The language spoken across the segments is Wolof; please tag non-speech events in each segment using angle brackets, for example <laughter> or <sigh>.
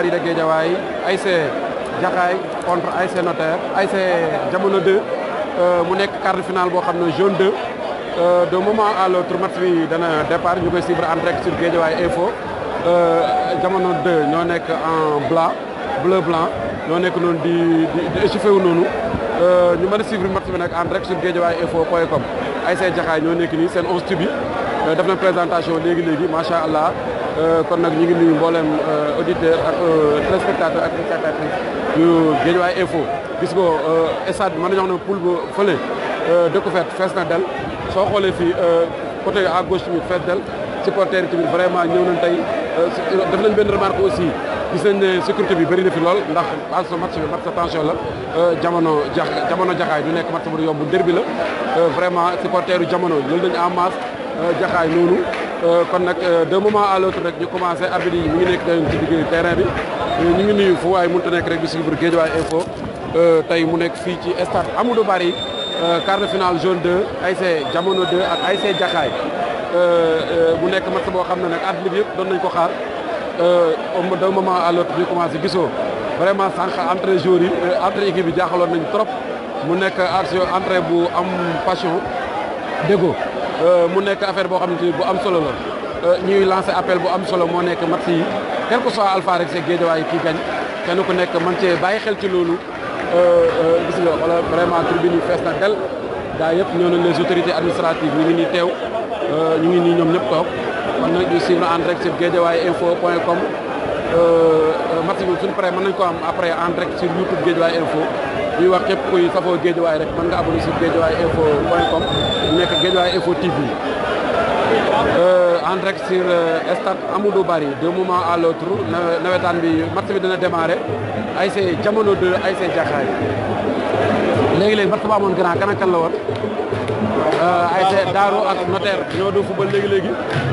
Marie de Guédiawaye ASC Jaxaay contre ASC Notaire ASC Jamono 2 euh, mu nekk quart de finale boo xam ne jaune 2 euh, de moment à l'autre match bi dana départ ñu koy suivre en direct sur Guédiawaye info euh, Jamono de ñoo nekk en blanc bleu blanc ñoo nekk noonu di di échauffé wu noonu ñu mën a suivre match bi nag en direct sur Guédiawaye info point com ASC Jaxaay ñoo nekk nii seen 11 tubes yi def na présentation léegi léegi macha allah. Euh, kon nag ñu ngi nuyu mboolem euh, auditeur ak euh, téléspectateur ak téléspectatrice yu Guédiawaye info gis ko stade bi mën nañu wax ne poul ba fële dëkku feet fees na del soo xoolee fii côté à gauche tamit fees del supporters yi tamit vraiment ñëw nañ tey def nañ benn remarque aussi gis nañ ne sécurité bi bëri na fi lool ndax base sa match bi match sa tension la jamono ja jamono jaxaay du nekk match bu yomb derby la vraiment supporters yu jamono jël nañ en masse jaxaay noonu Euh, kon nag euh, de moment à rek ñu commencé arbitre yi ñu ngi nekk dañu ci bi euh, ñu ngi nuyu fu waaye mënut a nekk rek di suivre Guédiawaye Info tey mu nekk fii ci stade Amadou Barry quart de finale zone 2 ASC Jamono 2 ak ASC Jaxaay mu nekk match boo xam ne nag arbitre bi yëpp doon nañ ko xaar de moment à l'autre ñu commencé gisoo vraiment sànq entre joueurs yi entre équipe yi jaaxaloon nañ trop mu nekk action entrée bu am passion dégo Euh, mu nekk affaire boo xamante ni bu am solo la euh, ñuy lancer appel bu am solo moo nekk match yi quel que soit alpha rek c'est Guédiawaye kii gañ kenn ku nekk man cee bàyyi xel ci loolu euh, gis nga wala vraiment tribune yi fees na del gaa yëpp ñoo nañ les autorités administratives ñu ngi nii teew ñu ngi nii ñoom ñëpp toog kon nag ñu suivre en direct sur guédiawaye info point com Euh, euh, match bi suñ paree mën nañ ko am après en direct sur YouTube Guédiawaye Info ñuy wax képp kuy safoo Guédiawaye rek mën nga abonné sur Guédiawaye Info point com nekk Guédiawaye Info TV euh, en direct sur stade Amadou Barry de moment à l'autre nawetaan bi match bi dina démarrer ASC Jamono 2 ASC Jaxaay léegi-léegi match ba amoon grand kan la woon Euh, ASC Daaru ak notaire ñoo doon xubal léegi léegi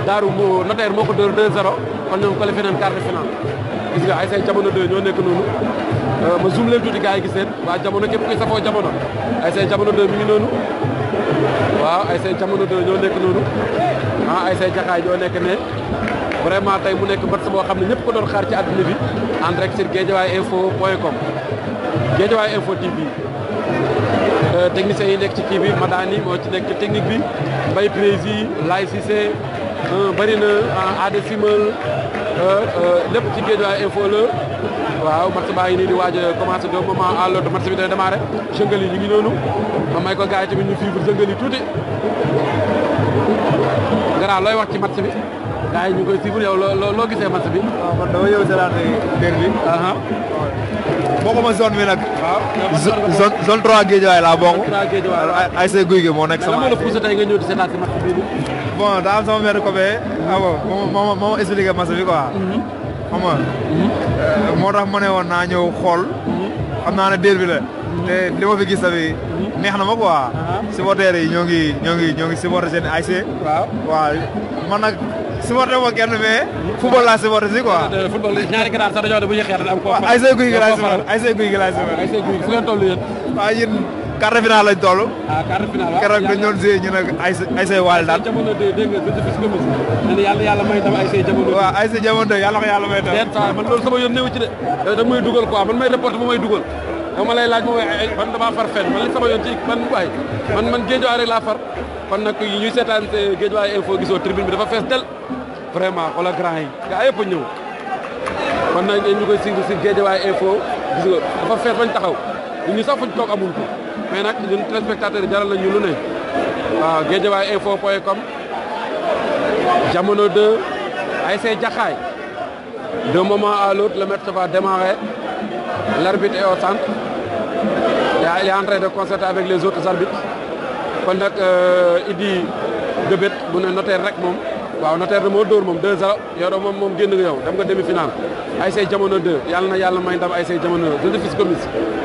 Daaru mu notaire moo ko dóor 2-0 kon ñoom qualifié nañ quart de finale gis nga ASC jamono ñoo nekk noonu euh, ma zoom leen tuuti gars yi gis seen waa jamono képp kuy safoo jamono ASC jamono 2 mi ngi noonu waaw ASC jamono 2 ñoo nekk noonu ah ASC Jaxaay nekk ne vraiment tey mu nekk match boo xam ne ñëpp ko doon xaar ci àdduna bi en direct sur guédiawaye info point com guédiawaye info TV Euh, techniciens yi nekk ci kii bi Madani moo ci nekk ci technique bi Mbaye Prési Laye Cissé euh, bëri na euh, Simal lépp ci Guédiawaye info la waaw match baa ngi nii di waaj a commencé ah, de moment à l'autre match bi yi ngi noonu ma may ko gars yi tamit ñu suivre jëngal tuuti Gara looy wax ci match bi gars ñu ngi koy suivre yow loo loo gisee match bi. waaw ah, man dama ñëw seetaan derby. Ah, bokkuma zone bi nag. zone zone 3 Guédiawaye laa bokk. ay say guy gi moo nekk sama. bon daa am sama benn ah, moo ma moo expliqué match mhm. mhm. euh, moo tax ma ne woon naa ñëw xool. Mhm. xam naa ne déet bi la. te li ma fi gis tamit neex na ma quoi. Ah. supporters yi ñoo ngi ñoo ngi ñoo ngi supporter seen ASC. waaw waaw man nag. supporté wu ma kenn mais football laa supporté si quoi. football ñaari garaar sax dañoo de bu ñu xeex am. ay ay say guy gi laay supporté ay say guy gi laay ay say guy fu ngeen toll yéen. waaw yéen quart de finale lañ toll. ah quart de finale waaw keroog dañu doon ay ay say waal daal. jamono de dégg nga dëgg fii nga mos. yàlla yàlla may tam mo say jamono. waaw ay say jamono de yàlla ko yàlla may tam. da may dugal dama lay laaj moom ay eh, man damaa far fenn man li sama yoon ci man waay man man géejuwaay rek laa far kon nag ñuy seetaan eh, géejuwaay info gisoo tribune bi dafa fees del vraiment xoolal grand yi gaa yëpp a ñëw kon nag ñu koy suivre si géejuwaay info gis nga dafa bañ taxaw ñu sax fuñ toog amul ko mais nag ñun téléspectateurs yi jaral nañ ñu lu ne waaw géejuwaay info point com jamono 2 ASC Jaxaay d'un moment a l'autre le match va démarrer l'arbitre est au centre Là, il est en train de concerter avec les autres arbitres Quand kon nag euh, Idy Guebet bu ne notaire rek mom. waaw notaire de moo mom, moom 2-0 yow da moom mom génn yow dem nga demi finale ay say jamono 2 yalla na yàlla may ndam ay say jamono 2 jënd fis gomis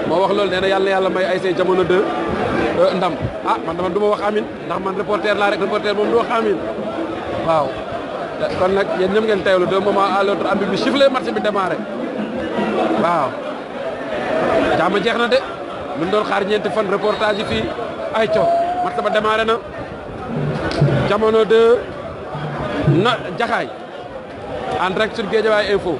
moo wax lol néna yalla yàlla na yàlla may ay say jamono 2 euh, ndam ah man dama duma wax amin ndax man reporter la rek reporter mom du wax amin waaw kon nak yéen ñoom ngeen teewlu de moment à l'autre arbitre bi sifflé match bi démarré waaw jaama jeex na de lu doon xaar ñeenti fan reportage yi fii ay coow mat ba démarré na jamono de na jaxaay en direct sur Guédiawaye info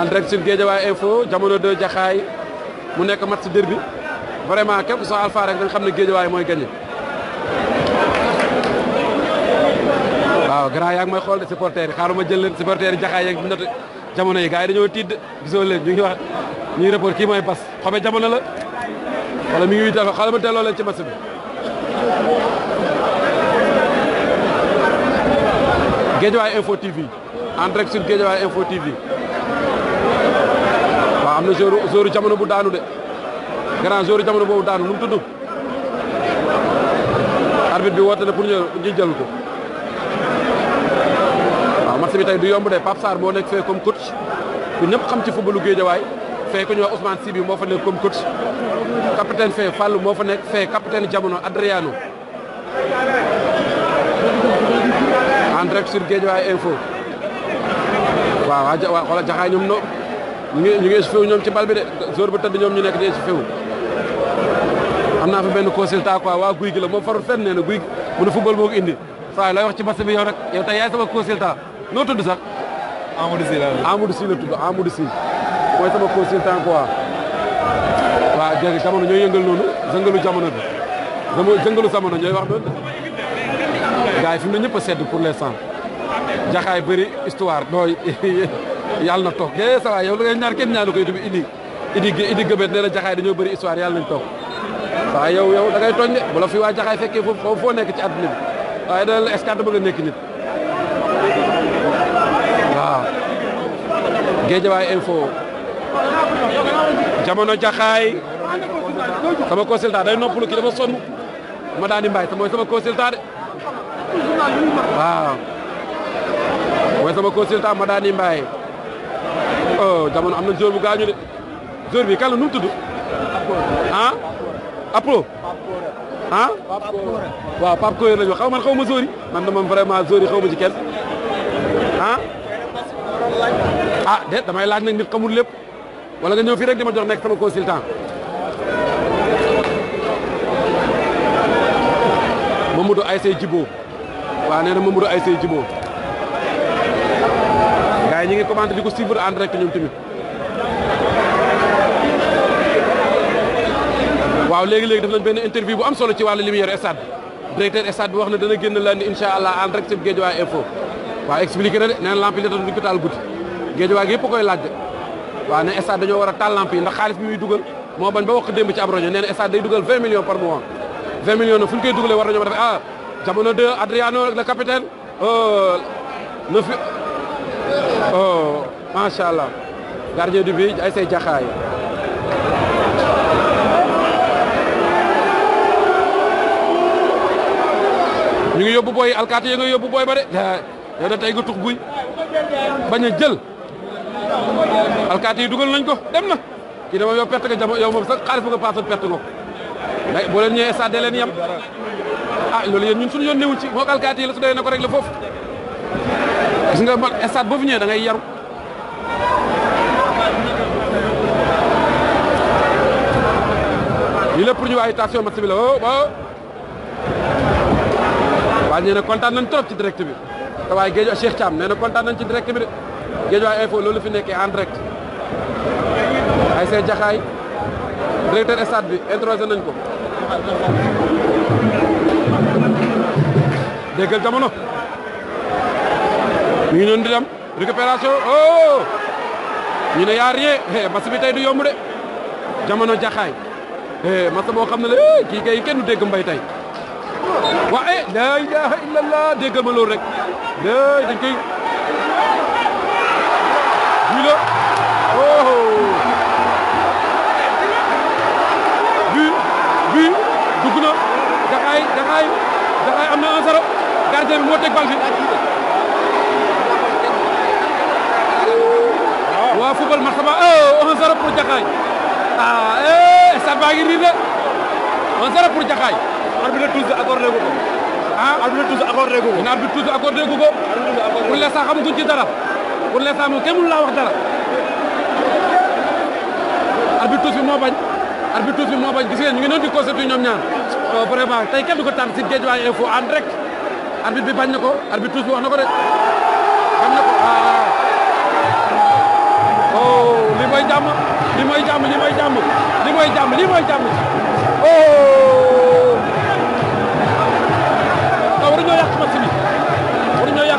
en direct sur Guédiawaye info jamono de jaxaay mu nekk mat si derby vraiment képp ku soo alpha rek xam ne Guédiawaye mooy gagné waaw grand yaa ngi may xool de supporter yi xaaruma jël leen supporter yi jaxaay yeeg jamono yi gars yi dañoo tiit gisoo leen ñu ngi wax ñu ngi rapport kii mooy bas xame jamono la wala mi ngi wiy taxaw xaaral ma delloo leen ci match bi. Guédiawaye en direct TV am na jour jour jamono bu daanu de grand jour jamono boobu daanu nu mu tudd bi woote na pour ñu jël ko. match bi du yomb de Pape Sarr moo nekk fee comme coach ku ñëpp xam ci footballu Guédiawaay fee ku ñuy a Ousmane Sibi moo fa nekk comme coach capitaine fee Fallou moo fa nekk fee capitaine jamono Adriano en direct sur Guédiawaay info waaw waaw xoolal jaxaay ñoom no ñu ñu ngi ñoom ci bal bi de jour bu tëdd ñoom ñu nekk di échauffé am naa fa benn consultant quoi waa guy la moom farul fenn nee na guy gi mu ne football moo ko indi waaye looy wax ci match bi yow rek yow tey noo tudd sax. Amadou Sy laa la Amadou Sy la tudd Amadou Sy mooy sama consultant quoi waaw jërëjëf jamono ñooy yëngal noonu zëngalu jamono bi zëngalu jamono ñooy wax noonu gars yi fi mu ne ñëpp a sedd pour l'instant jaxaay bëri histoire nooy yàlla na toog eh ça va yow la ñaar kenn ñaanu ko itam idi idi idi gëbët nee na jaxaay dañoo bëri histoire yàlla nañ toog waaw yow yow da ngay tooñ bu la fi waa jaxaay fekkee foofu foo nekk ci àdduna bi waaye da escadre bëgg nekk nit. Guédiawaye info jamono jaxaay sama consultant day noppalu kii dama sonn ma daani mbaay te mooy sama consultant de waaw mooy sama consultant ma daani mbaay oh jamono am na jour bu gaañu de jour bi kala la nu mu tudd ah apro ah? waaw Pape Koyer la ñu xaw man xaw ma zori man dama vraiment zori xaw ma ci ah déet damay laaj nag nit xamul lépp wala nga ñëw fii rek di ma jox nekk sama consultant Mamadou Aysee Jibo waaw nee na Mamadou Aysee Jibo gars yi ñu ngi commenté di ko suivre en direct ñoom tamit waaw léegi-léegi def nañ benn interview bu am solo ci wàllu lumière stade directeur stade bi wax na dana génn lundi incha allah en direct ci Guédiawaye info waaw expliqué na de nee na lampi li tax taal guddi géejawaay gi yëpp koy laajte waaw ne stade dañoo war a taal lamp yi ndax xaalis bi muy dugal moo bañ ba wax ko démb ci ab rajo nee day dugal 20 millions par mois 20 millions nag fu ñu koy dugalee war nañoo def ah jamono de Adriano oh, le capitaine ne fi oh macha allah gardien du but ay say jaxaay ñu ngi yóbbu boy alkaati ya nga yóbbu booy ba de da tey nga tux guy bañ jël Alkati yi dugal nañ ko dem na ki dama yo perte ga jamo yow moom sax xaalis nga passe perte nga ko bo len ñewé ñëwee stade yam ah lolu yeen ñun suñu yoon newul ci mo alkaati yi la su dee na ko rek la foofu gis nga man stade bo fi ñewé da ngay yaru li lepp ñu waay station match bi la oh ba wañi na nañ trop ci direct bi taway geejo Cheikh Cham neena contant nañ ci direct bi de Guédiawaye info loolu fi nekkee en direct ay see jaxaay directeur stade bi introsé nañ ko déggal jamono ñu ngi noonu di dem récupération oh ne yaa rien eh bi tey du yomb de jamono jaxaay eh boo xam ne la eh, kii kay kenn dégg mbay tey waaye eh, la ilaha illallah déggal ma loolu rek dañ koy. la oh bi bi dugg na Jaxaay Jaxaay Jaxaay am na un zéro gardien bi moo teg bal bi waa football martaba oh un zéro pour Jaxaay ah eh stade baa ngi riir de un zéro pour Jaxaay arbitre tous accordé gu ko ah arbitre tous accordé gu ko arbitre tous accordé gu ko pour l'instant xamaguñ ci dara pour l'instant moom kenn mënu laa wax dara arbitre bi moo bañ arbitre bi moo bañ gis ngeen ñu ngi doon di constaté ñoom ñaar euh, vraiment tey kenn du ko tànn si Guédiawaye info ànd rek arbitre bi bañ na ko arbitre bi wax na ko de bañ na ko ah. oh li mooy jàmm li mooy jàmm li mooy jàmm li mooy jàmm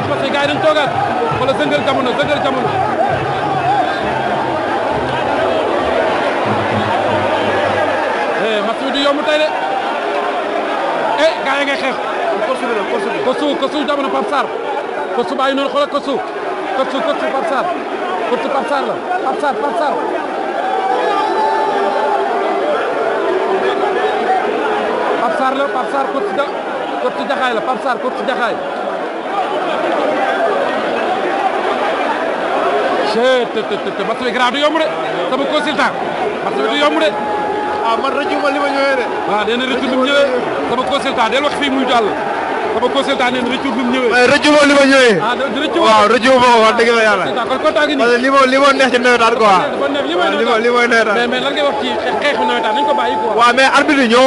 parce que gars yi dañu toogaat wala zëngal jamono zëngal jamono eh match bi du yomb eh, la kosu bi kosu kosu la Pape Sarr je te te te match bi grand du yomb de sama consultant match bi du yomb ñoo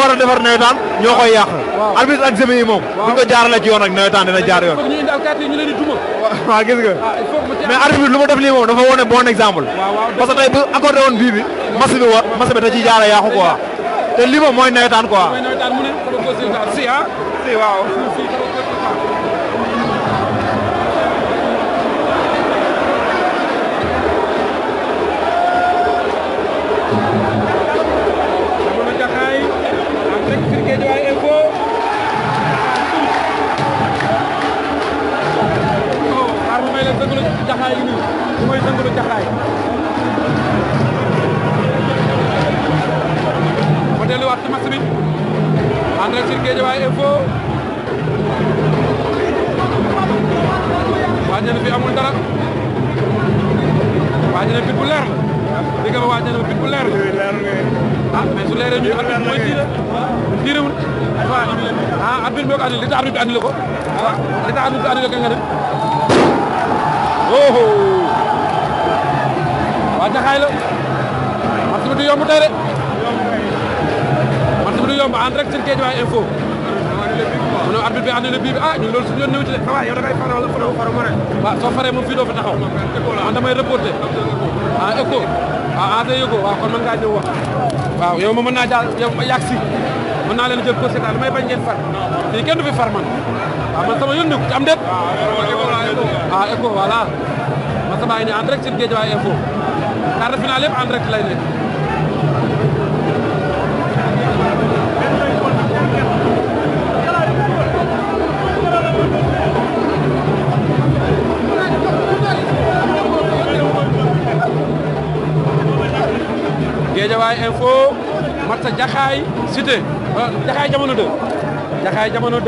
war a defar nawetaan ñoo koy yàq. waaw arbitre ak semis yi moom. ko jaaralee ci yoon ak nawetaan dina jaar yoon. <laughs> waaw gis nga ah, mais arbitre bi lu ma def lii moom dafa wone exemple parce bu accordé woon bii bi match bi war match bi da ciy jaara yaaxu quoi te lii moom mooy nawetaan quoi Zëngalu Jaxaay gi nii mooy Zëngalu Jaxaay ba delluwaat ci match bi ànd rek ci Guédiawaye Info waaj na fi amul dara waaj na bit bu leer la dégg nga waaj na bit bu leer la ah mais su leeree ñu arbitre mooy tiire tiirewul ah arbitre boo ko annulé li tax arbitre bi annulé ko ah li tax arbitre bi annulé ko nga ne oho waa jaxaay la match bi du yomb tey de Andrek bi du info mu ne bi annulé bii bi ah ñun loolu suñu yoon ci de waaw yow da ngay faral wala faru faru ma rek waaw soo faree moom fii doo taxaw man damay reporté ah écho ah ah day yëgoo kon mën ngaa ñëw wax waaw yow yow si leen jël ko bañ ngeen far kenn du fi far man man sama yónni ko ah Echo ma sama ngi ne ci Info quart de finale yëpp en Info Matsa Jaxaay Cité euh, Jaxaay jamono 2 Jaxaay jamono 2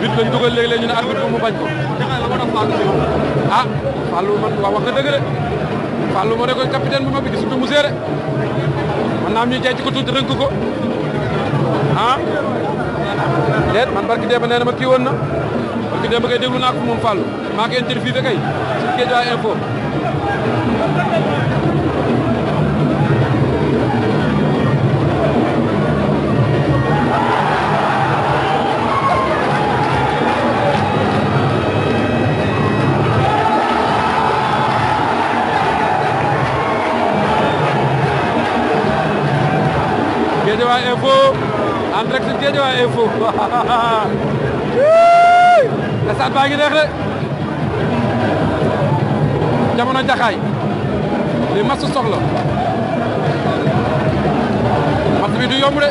bit lañ dugal léegi-léegi ñu ne arbitre mu bañ ko ànd ci moom ah Fallou man waaw wax nga dëgg de Fallou moo nekkoon capitaine bu mag bi surtout mu seere man naa am ñu jaay ci ko tuuti rënk ko ah déet man barki démb nee na ma kii woon na barki démb kay déglu naa ko moom Fallou maa ngi interviewé kay ci Guédiawaye info Guédiawaye Info en direct Guédiawaye Info stade <laughs> baa ngi neex de jamono jaxaay li match soxla match bi du yomb de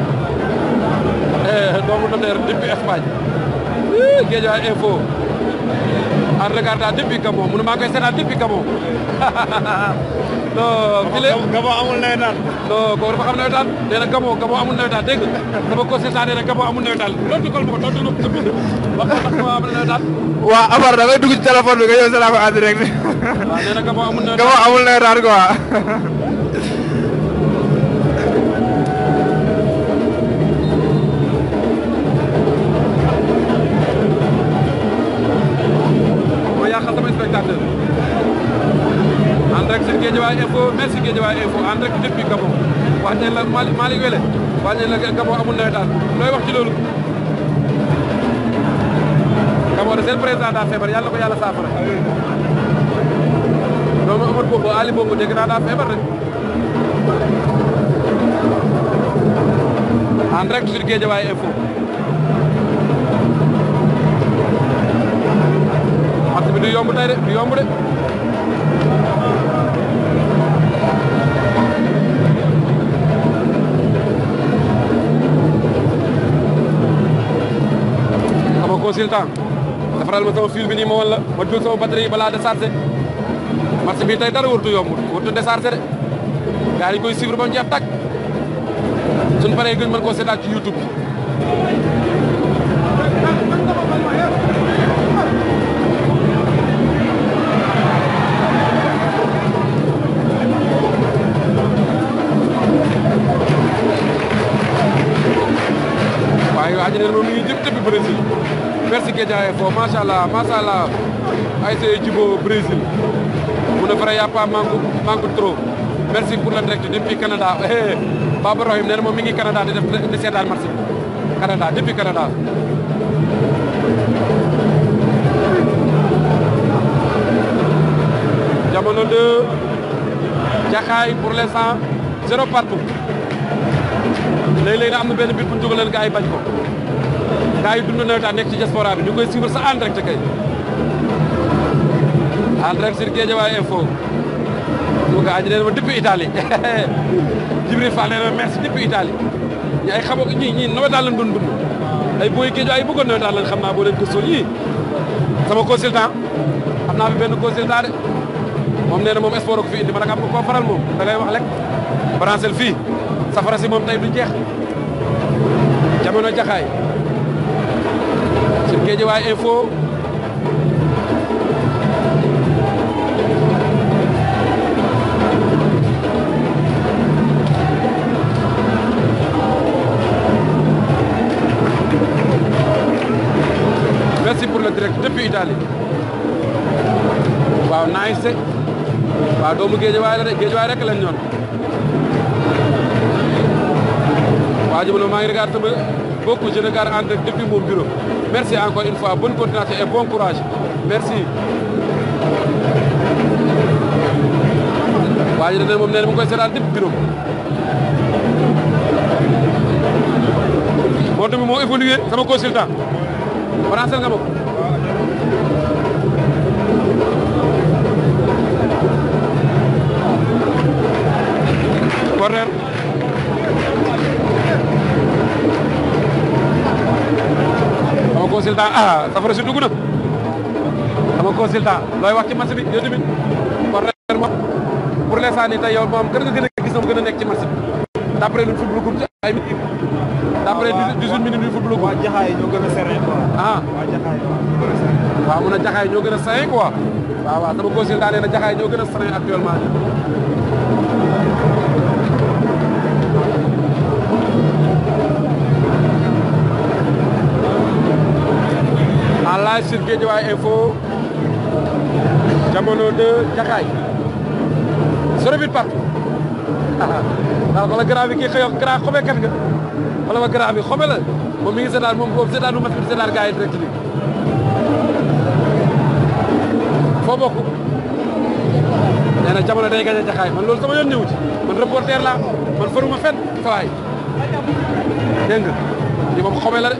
doomu Notaire depuis Espagne Guédiawaye info en regardant depuis Gabon mu ne maa ngi koy seetaan depuis Gabon non. Gabon amul nawetaan. non kooku dafa am nawetaan nee na Gabon Gabon amul nawetaan dégg nga dama ko seetaan nee na Gabon amul nawetaan loolu dugal ma ko loolu dugal ma ko wax dëgg ma am nawetaan. waaw Amar da ngay dugg ci téléphone bi nga ñëw seetaan ko en direct. waaw nee na Gabon amul nawetaan Gabon amul nawetaan quoi. Malick Malick Wele wàññi na Gabon nawetaan looy wax loolu Gabon de seen président daa feebar yàlla na ko yàlla saafara doomu Amadou Bongo Ali Bongo dégg naa daa feebar rek en direct sur Guédiawaye info match bi du yomb tey du yomb de aussi le temps defaral ma sama fil bi nii ma woon la ma jul sama batterie balaa déchargé marché bi tey dara wartu yomb wartu déchargé de gars yi koy suivre ba mu jeex tàkk suñ paree gën mën koo seetaan ci YouTube bi waaye waa ji ne moom mi ngi jëm tëbbi Brésil merci Guédiawaye fo macha allah macha allah ay say jubóo Brésil mu ne vrai y' pas manque manque trop merci pour la direct depuis Canada eh, eh, Baba Rahim nee na moom mi ngi Canada di def di seetaan match bi Canada depuis Canada. jamono de jaxaay pour l'instant zéro partout léeg-léeg na am na benn bit bañ ko. gars yi dund nawetaan nekk ci diaspora bi ñu koy suivre sa en direct kay en direct sur Guédiawaye info donc aji nee na ma depuis Italie Jibril Fall nee na merci depuis Italie ñu ay xamoo ñii ñii nawetaan lañ doon dund ay booy Guédiawaye bëggoon nawetaan lañ xam naa boo leen gëstoo ñii sama consultant am naa fi benn consultant de moom nee na ko fi indi ma nag am nga koo faral moom da ngay wax rek branchel fii safara si moom tey du jeex jamono jaxaay Guédiawaye info merci pour le direct depuis Italie waaw nice de waaw doomu Guédiawaye la de Guédiawaye rek lañ ñoon waa jublu maa ngi regarde beaucoup. Je regarde en direct depuis mon bureau. Merci encore une fois. Bonne continuation et bon courage. Merci. waaye dana moom nee na mu koy seetaan dëpp bureau moo tamit moo évolué sama consultant français nga moom corner consultant ah safara si dugg na sama consultant looy wax ci match bi yow tamit kon ren moom pour l'instant nii tey yow moom kër nga a gis moom bi d'après lu football gum ci ay minutes d'après 18 minutes yu football jaxaay ñoo gën a serré quoi ah waa jaxaay waaw mun a jaxaay ñoo gën a serré consultant nee na jaxaay ñoo gën a serré actuellement live sur Guédiawaye Info jamono de Jaxaay zéro but partout waaw ah, ah. wala grand bi kii xëy kat nga wala ma grand bi la moom mi ngi seetaan moom boobu seetaanu match bi seetaan gars yi foo bokk nee na jamono day gañe Jaxaay man loolu sama yoon ñëwu ci man reporter la man faruma fenn sawaay dégg nga li moom xome la de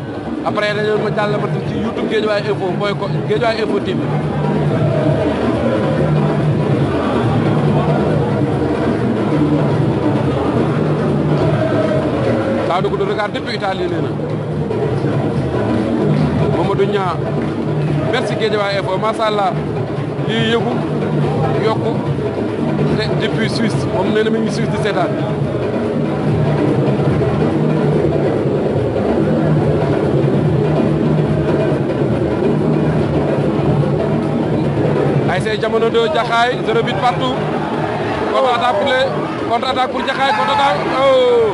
après dañoo ma jàllale ci YouTube Guédiawaye Info booy ko Guédiawaye Info TV. daa dugg du regard depuis Italie nee na Mamadou Niang merci Guédiawaye Info macha allah lii yëgu yokku te depuis Suisse moom nee na mi c'est jamono do jaxay 0 but partout. Contre-attaque pour les... Contre-attaque pour jaxay contre-attaque. Oh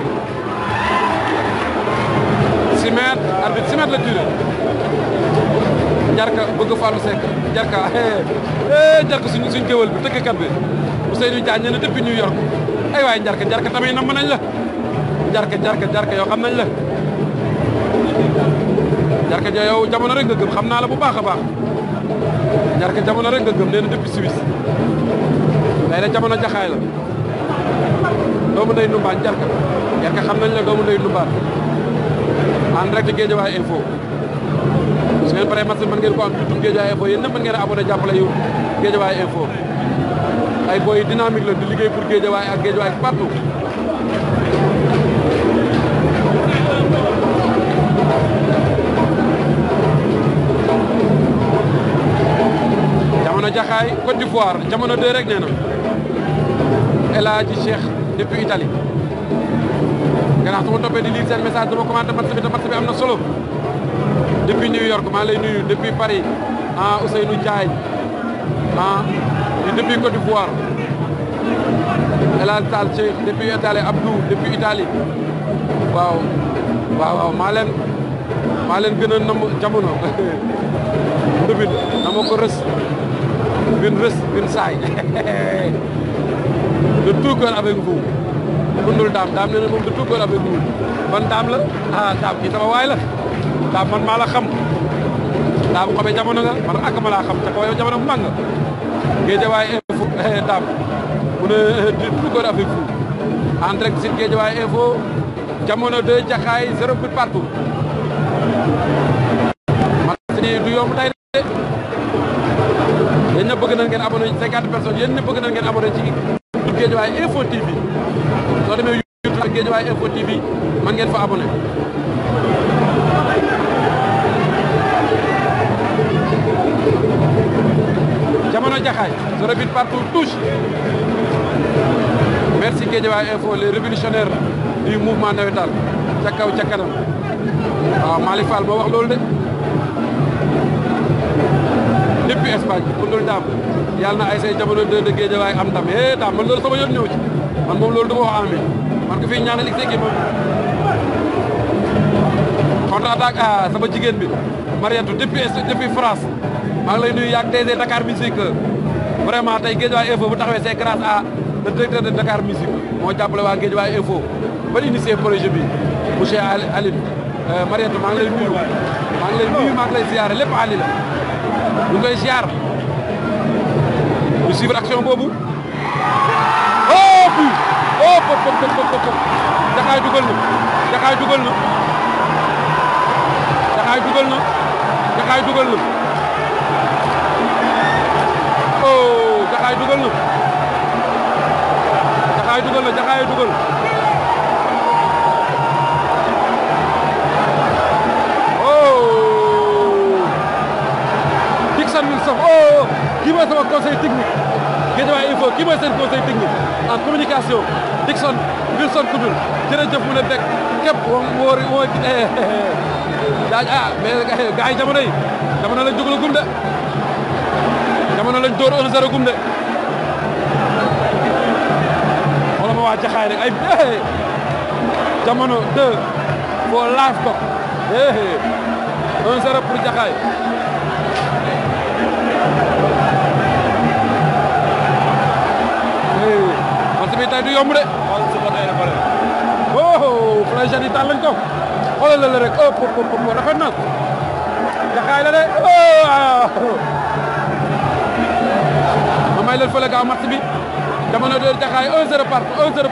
simet mètres, arbitre 6 mètres le tiré. Jarka bëgg Fallou Seck Jarka eh, eh Jarka suñu suñu kewal bi tekk kat bi Ousseynou Diagne ñëna depuis New York eh ay way Jarka Jarka tamay nam nañ la Jarka Jarka Jarka yo xam nañ la Jarka yow jamono rek nga gëm xam na la bu baaxa baax ñaar ka jamono rek nga gëm nee na depuis Suisse day na jamono jaxaay la doomu ndey numbaan ñaar ka ñaar ka xam nañ la doomu ndey numbaan en direct Guédiawaye info su ngeen paree match mën ngeen ko am YouTube Guédiawaye info yéen ñëpp mën ngeen a abonné jàppale yu Guédiawaye info ay boy dynamique la di liggéey pour Guédiawaye ak Guédiawaye partout Jaxaay Côte d'Ivoire jamono 2 rek nee na El Cheikh depuis Italie gannaaw su topé di lire sen message dama commenté match bi te match bi am solo depuis New York maa lay nuyu depuis Paris ah Ousseynou Ndiaye ah depuis Côte d'Ivoire El tal Cheikh depuis Italie Abdou depuis Italie waaw waaw waaw maa leen maa leen gën nam jamono ndubit <laughs> dama ko rës une veste une saay <laughs> de tout cœur avec daam daam nee moom de tout cœur man daam la ah daam kii sama waay la daam man maa la xam daam xamee jamono nga man ak ma laa xam te xamee jamono bu mag nga Guédiawaye info eh, daam mu ne eh, de tout cœur avec vous en direct sur Guédiawaye info jamono de jaxaay zéro but partout man du yomb tey yéen ñëpp bëgg na ngeen abonné ci Guédiawaye Info TV soo demee YouTube ak Guédiawaye Info TV man ngeen fa abonné jamono jaxaay se rebute partout touche merci Guédiawaye Info les révolutionnaires du mouvement navétane ca kaw ca kanam waaw Malick Fall moo wax loolu de depuis Espagne bi kundul daam yàlla na ay say jamono de de géej waaye am ndam eh daam man loolu sama yoon ñëw man moom loolu du ma wax man ko fii ñaanal si kii moom. kontaan ak ah, sama jigéen bi Mariette depuis depuis France maa ngi lay tey géej waaye info bu taxawee c'est grâce moo jàppale waa géej waaye info ba initié projet bi monsieur Aline euh, Mariette maa ngi lay nuyu maa ngi lay nuyu maa lépp Ali la. ñu ngi koy ziar ñu suivre action boobu. oh bii oh pop Jaxaay dugal na Jaxaay dugal na Jaxaay dugal na Jaxaay dugal Jaxaay oh, dugal Jaxaay dugal sax oh kii oh, oh. mooy sama conseil technique Guédiawaye info kii mooy seen conseil technique en communication Dickson Wilson Koudou jërëjëf mu ne bekk képp woo woo woo jaaj ah mais gars yi jamono yi jamono lañ jóglu gum de jamono lañ dóor 1-0 gum de wala ma waa jaxaay rek ay jamono 2 foo laaf ko 1-0 pour jaxaay bi tey du yomb de. xool su ma tey pare. oh Flaye la rek oh po po na jaxaay la de ma may leen fële gaaw match bi jamono door jaxaay 1-0 partout 1-0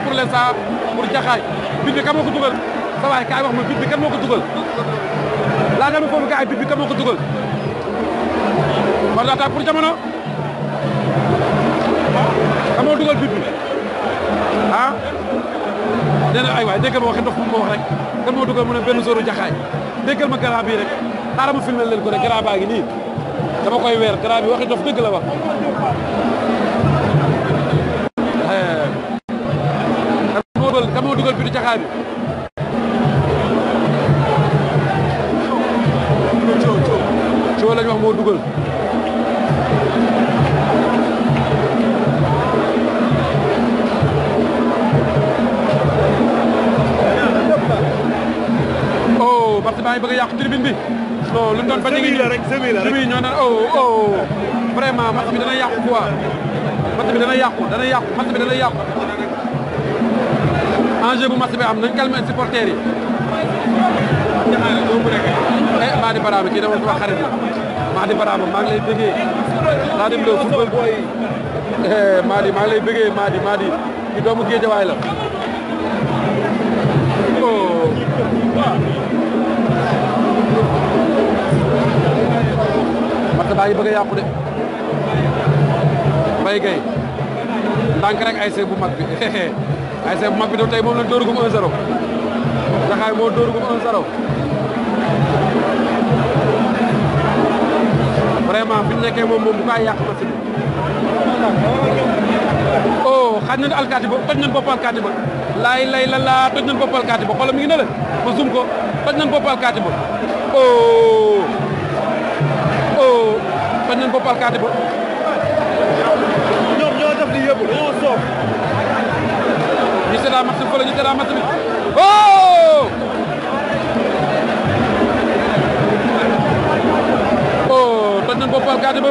pour jaxaay bit bi moo ko dugal sa kaay wax ma bit bi moo ko dugal laajal ma foofu kaay bit bi kan moo ko dugal war na attaque pour jamono kan moo dugal bit ah nee na ay waay déggal ma waxi ndox mu wax rek kan moo dugal mu ne benn sóoru jaxaay déggal ma garab bii rek xaaral ma filmé leen ko ne garab baa ngi nii dama koy weer garab bi waxi ndox dëgg la wax yàq tribune bi. non lu mu doon bañ a oo rek semis la rek ñoo naan oh oh vraiment match bi dana yàqu quoi match bi dana yàqu dana yàqu match bi dana yàqu. bu ma bi am nañ calmer supporters yi. eh Madi Barama kii dama sama xarit la Madi Barama maa ngi lay bëggee Khadim Lo football boy eh, Madi maa ngi lay bëggee Madi Madi kii doomu Géejawaay la. parce que baa a yàqu de Mbaye Gueye ndànk rek ASC bu mag bi ASC <laughs> bu mag bi do tey moom lañ dóorugum 1 Jaxaay moo dóorugum 1-0 vraiment fi nekkee moom moom bu ko yàq ma si oh xaj nañu alkaati ba toj nañu bopp alkaati ba laay lay la laa toj nañu bopp alkaati ba xoolal mi ngi ne la ma zoom ko toj nañu bopp alkaati ba oh, oh. bañ nañ ko palkaati ba ñoom ñoo def li yëpp ñoo soof ñu seedaa oh oh bañ nañ ko palkaati ba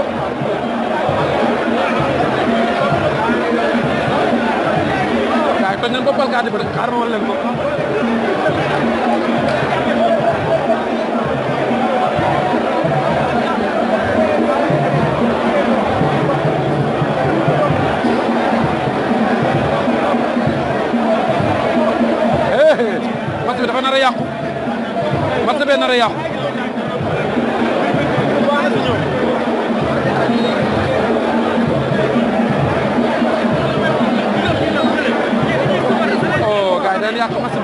kaay bañ nañ match bi dafa nar a yàqu match bee nar a yàqu. oh gars yi dañuy yàq match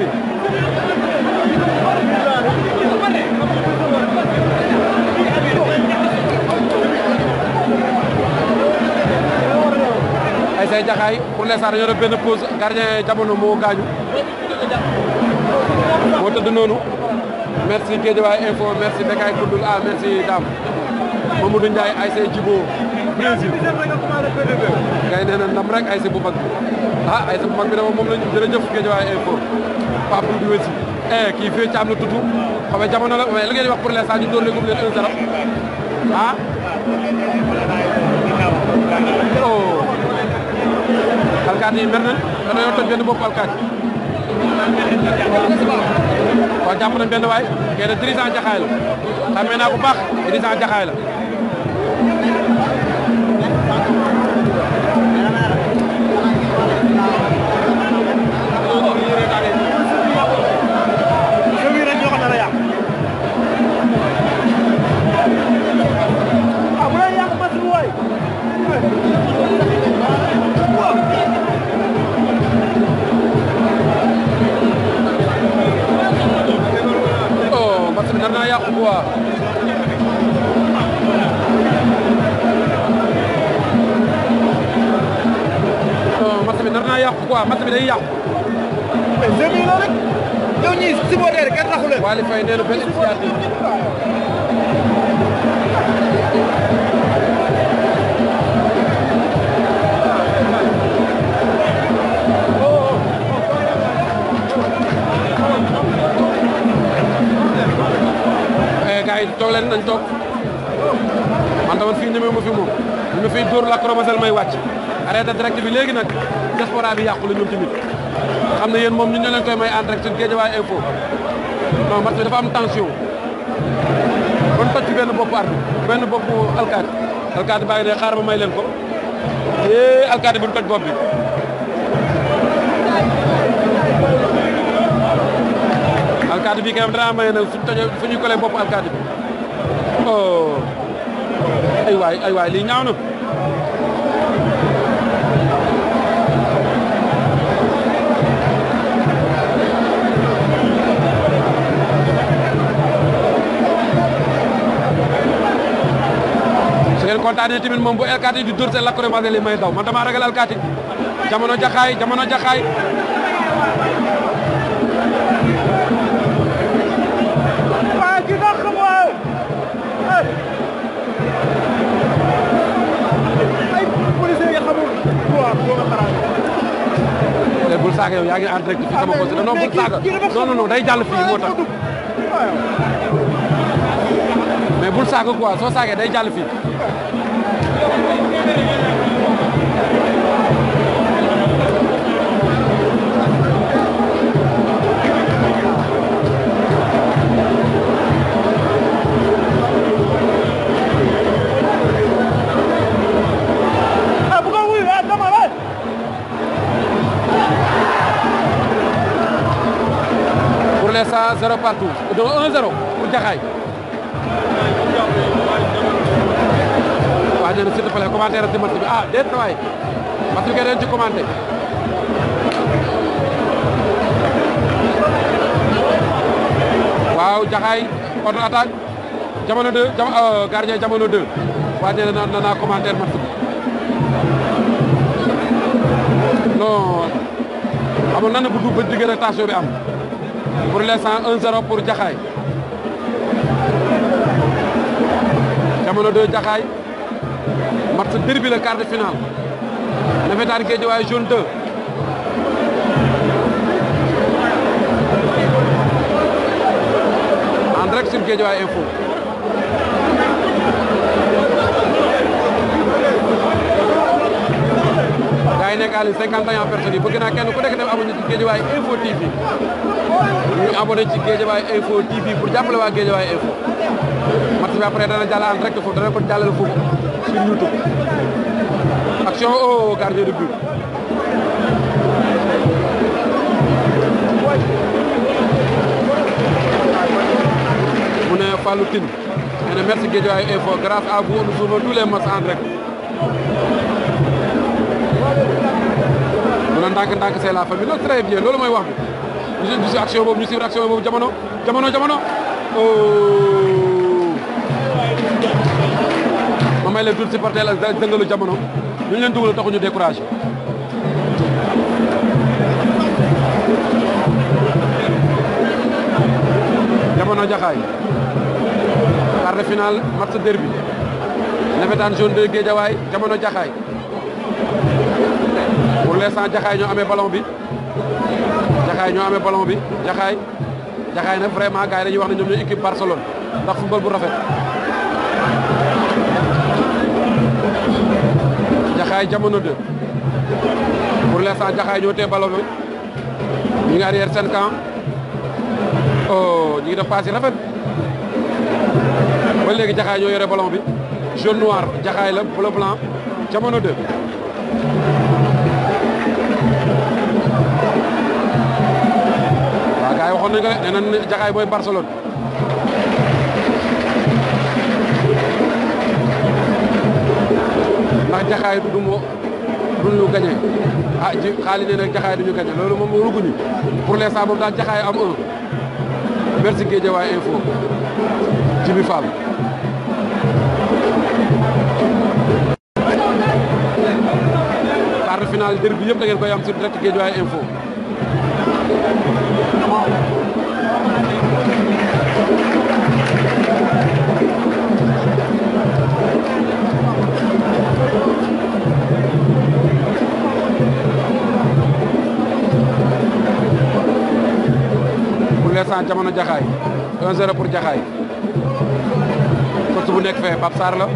ay say jaxaay pour l'instant dañoo def benn pause gardien jamono moo gaañu. moo tëdd noonu merci Guédiawaye info merci Bekay Koundoul A merci Dame Mamadou Ndiaye Aïssé Djibo Brésil ngay nee na rek Aïssé bu mag bi ah bu mag bi dama moom lañ jërëjëf Guédiawaye info Pape Ndour Wessi eh kii fee caam la tudd xam nga la mais li ngeen di wax pour l'instant ñu doon leen un zéro ah oh alkaati yi mer nañ dañoo toj benn bopp alkaati waaw jàpp nañ benn waay kee na Idrissa Jaxaay la xamee naa ko baax Idrissa Jaxaay la bi nar naa yàqu quoi match bi day yàqu. mais jeunes yi loolu rek yow ñii supporter kenn raxu leen. Waly Faye nee na benn initiative. gars yi toog leen nañ toog man tamit fii ñemee ma fi moom ñu ma fiy dóor la Croix Moselle may wàcc arrêté direct bi léegi nag. diaspora bi yàqu la ñun tamit xam ne yéen ñu ñun ñoo koy may en direct ci Guédiawaye info non parce que dafa am tension on tax ci benn bop arbitre benn bop alkaati alkaati baay ngi xaar ba may leen ko yee alkaati bu ñu toj bopp bi alkaati bi kayam dana may nag suñ tojee suñuy collé bopp alkaati bi oh ay way ay way li ñaanu kontaanee tamit moom bu Elkati di dóor seen lacrymogène li may daw man damaa ragal Elkati jamono jaxaay jamono jaxaay bul saaga yow yaa ngi en direct fii sama ah, bopp non non non day jàll fii moo tax ah, mais bul que quoi soo saagee day jàll fii pour l'instant zéro partout donc 1-0 pour Jaxaay nee na s'il te plaît commentaire ak dimanche bi ah déet waay parce que ngeen ci commenté. waaw jaxaay contre attaque jamono 2 euh, gardien jamono 2 waaye nee na naa commentaire match bi non amoon nan bu dugg ba digg rotation bi am pour l'instant 1-0 pour jaxaay jamono 2 match derby la quart de finale Navétane Guédiawaye jaune 2 en direct sur Guédiawaye info gaa yi nekk à 51 personnes yi bëgg naa kenn ku nekk dem abonné ci Guédiawaye info TV ñu abonné ci Guédiawaye info TV pour jàppale waa Guédiawaye info match bi après dana jàll en direct foofu dana ko jàllale foofu sur YouTube. Action au oh, oh, gardien de la famille loolu très bien boobu ñu jamono. Oh. may leen tuuti supporter la dëngalu jamono ñu leen dugal taxuñu découragé. jamono jaxaay quart de finale match derby navétane jaune de Guédiawaye jamono jaxaay pour l'instant jaxaay ñoo amee ballon bi jaxaay ñoo amee ballon bi jaxaay jaxaay nag vraiment gars yi dañuy wax ne ñoom ñooy équipe Barcelone ndax football bu rafet. jaxaay jamono 2 pour l'instant jaxaay ñoo tee ballon bi ñu ngi arrière seen camp oh, ñu ngi def passe rafet ba léegi jaxaay ñoo yore ballon bi jaune noir jaxaay la bleu blanc jamono 2 waaw gars ko de nee nañu jaxaay booy Barcelone wax jaxaay du mu duñu gagné ah ji xaalis nee nag jaxaay duñu gagné loolu moom waruguñu pour l'instant moom daal jaxaay am un merci Guédiawaye info Djibi Fall quart de finale yëpp da koy am sur direct Guédiawaye info instant jamono jaxaay 1-0 pour jaxaay coach bu nekk fee Pape Sarr la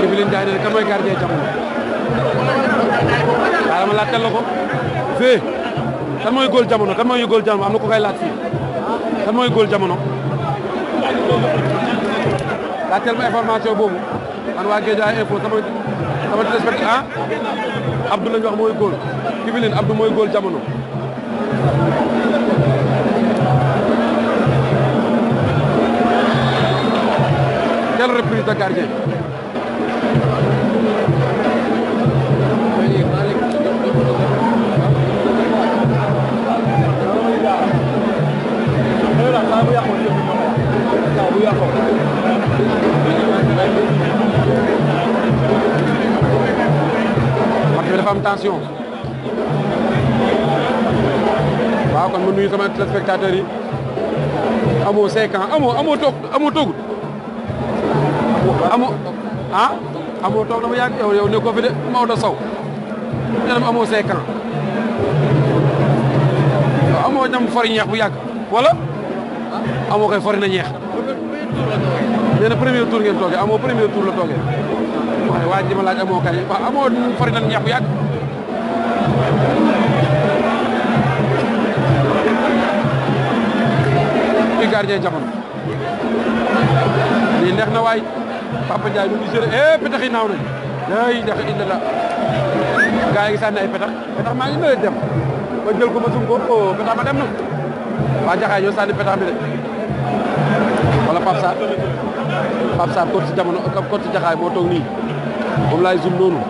Kifilin Ndiaye ne kan mooy gardien jamono waaye ma laajteel la ko fii kan mooy góol jamono kan mooy góol jamono am na ko koy laaj fii kan mooy góol jamono laajteel ma information boobu am waa Guédiawaye info sama sama respect ah Abdou lañ wax mooy góol kii bi mooy góol jamono quelle reprise de gardien match bi dafa am kon ma nuyu sama téléspectateurs yi amoo cinq ans amoo amoo toog amoo toogul amoo ah amoo toog dama yàgg yow yow nekkoo de Maodo Sow ne dama amoo cinq ans amoo ñam fori ñeex bu yàgg wala amoo koy fori na ñeex nee na premier tour ngeen toge amoo premier tour la toge ma ne waa ji ma laaj amoo kay waaw amoo fori na ñeex bu yàgg ci gardien jamono neex na Papa eh petax yi naaw nañ ay dex indi la gaa yi sànni petax petax maa ngi nële dem ma jël ko ma sum ko oh, petax dem na petax bi de wala Pape Sarr Pape Sarr kot si jamono kot si jaxaay moo toog nii moom laay zoom noonu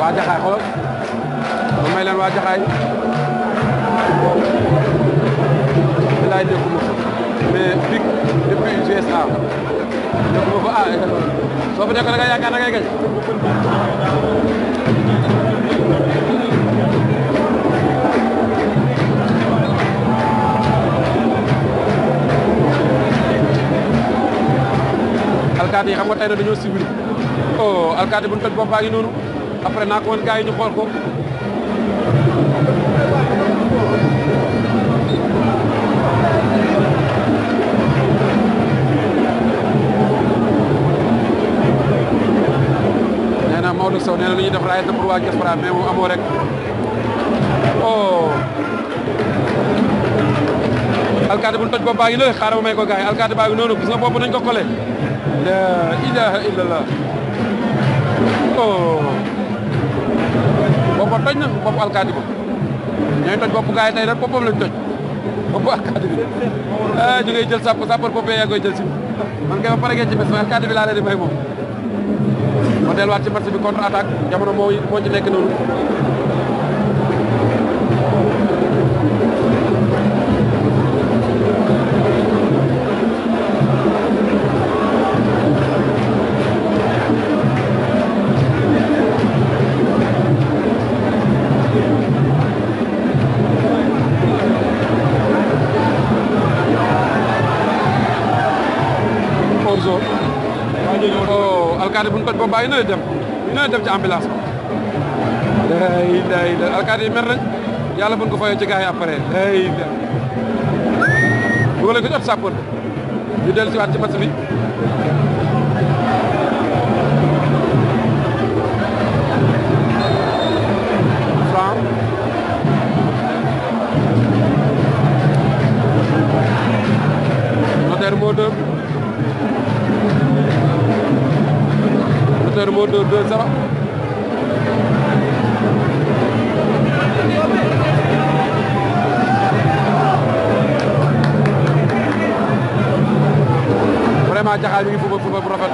waa jaxaay xoolal ma may leen waa jaxaay bi laay dégguma mais big depuis USA dégguma ko ah eh, soo fa nekk da nga yaakaar da ngay gañ alkaade xam nga tay dañu dañoo sibiri oh alkaade buñu toj boppaa ngi nonu après naa ko woon gars ñu xol ko nee na saw Sow ñu def raay ta pour waa Gaspara mais mu amo rek oh alkaati buñ toj boppaa ngi noonu xaaral may ko gaay alkaade alkaati nonu gis nga bopp nañ ko collé لا إله إلا الله oh bobu toj na bobu alkadi bobu ñay toj bobu gaay tay rek bobam lañ toj bobu alkadi bi ah ñu ngay jël sap sapor bobu ya koy jël ci man kay ba paré gën ci bes alkadi bi la lay may mom mo del wat ci match bi contre attaque jamono mo mo ci nek nonu alkaati buñ ko toj ba bàyyi na dem ñu dem ci ambulance la ilaha illa alkaati mer nañ yalla ya buñ ko fayé ci gaay après la ilaha dugal ko jot sàppoon ñu del ci wat ci match bi franc notaire Ordinateur moo dóor 2-0. vraiment Jaxaay mi ngi fubal fubal bu rafet.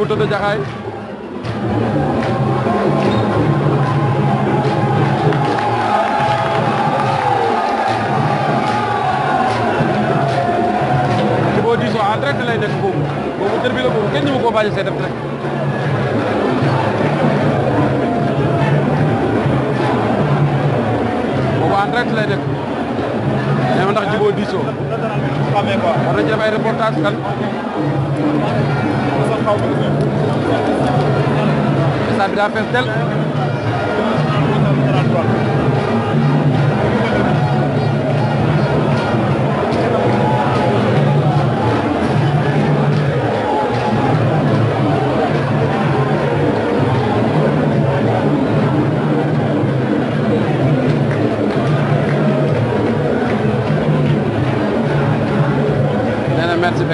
bu tëdd jaxaay ci diisoo en direct lay nekk boobu boobu tër bi kenn ñu mu koo bàyyi see def rek boobu en direct lay nekk nee ma ndax jiboo diisoo war nañ ci def kan xaw ma. stade bi daa fees del.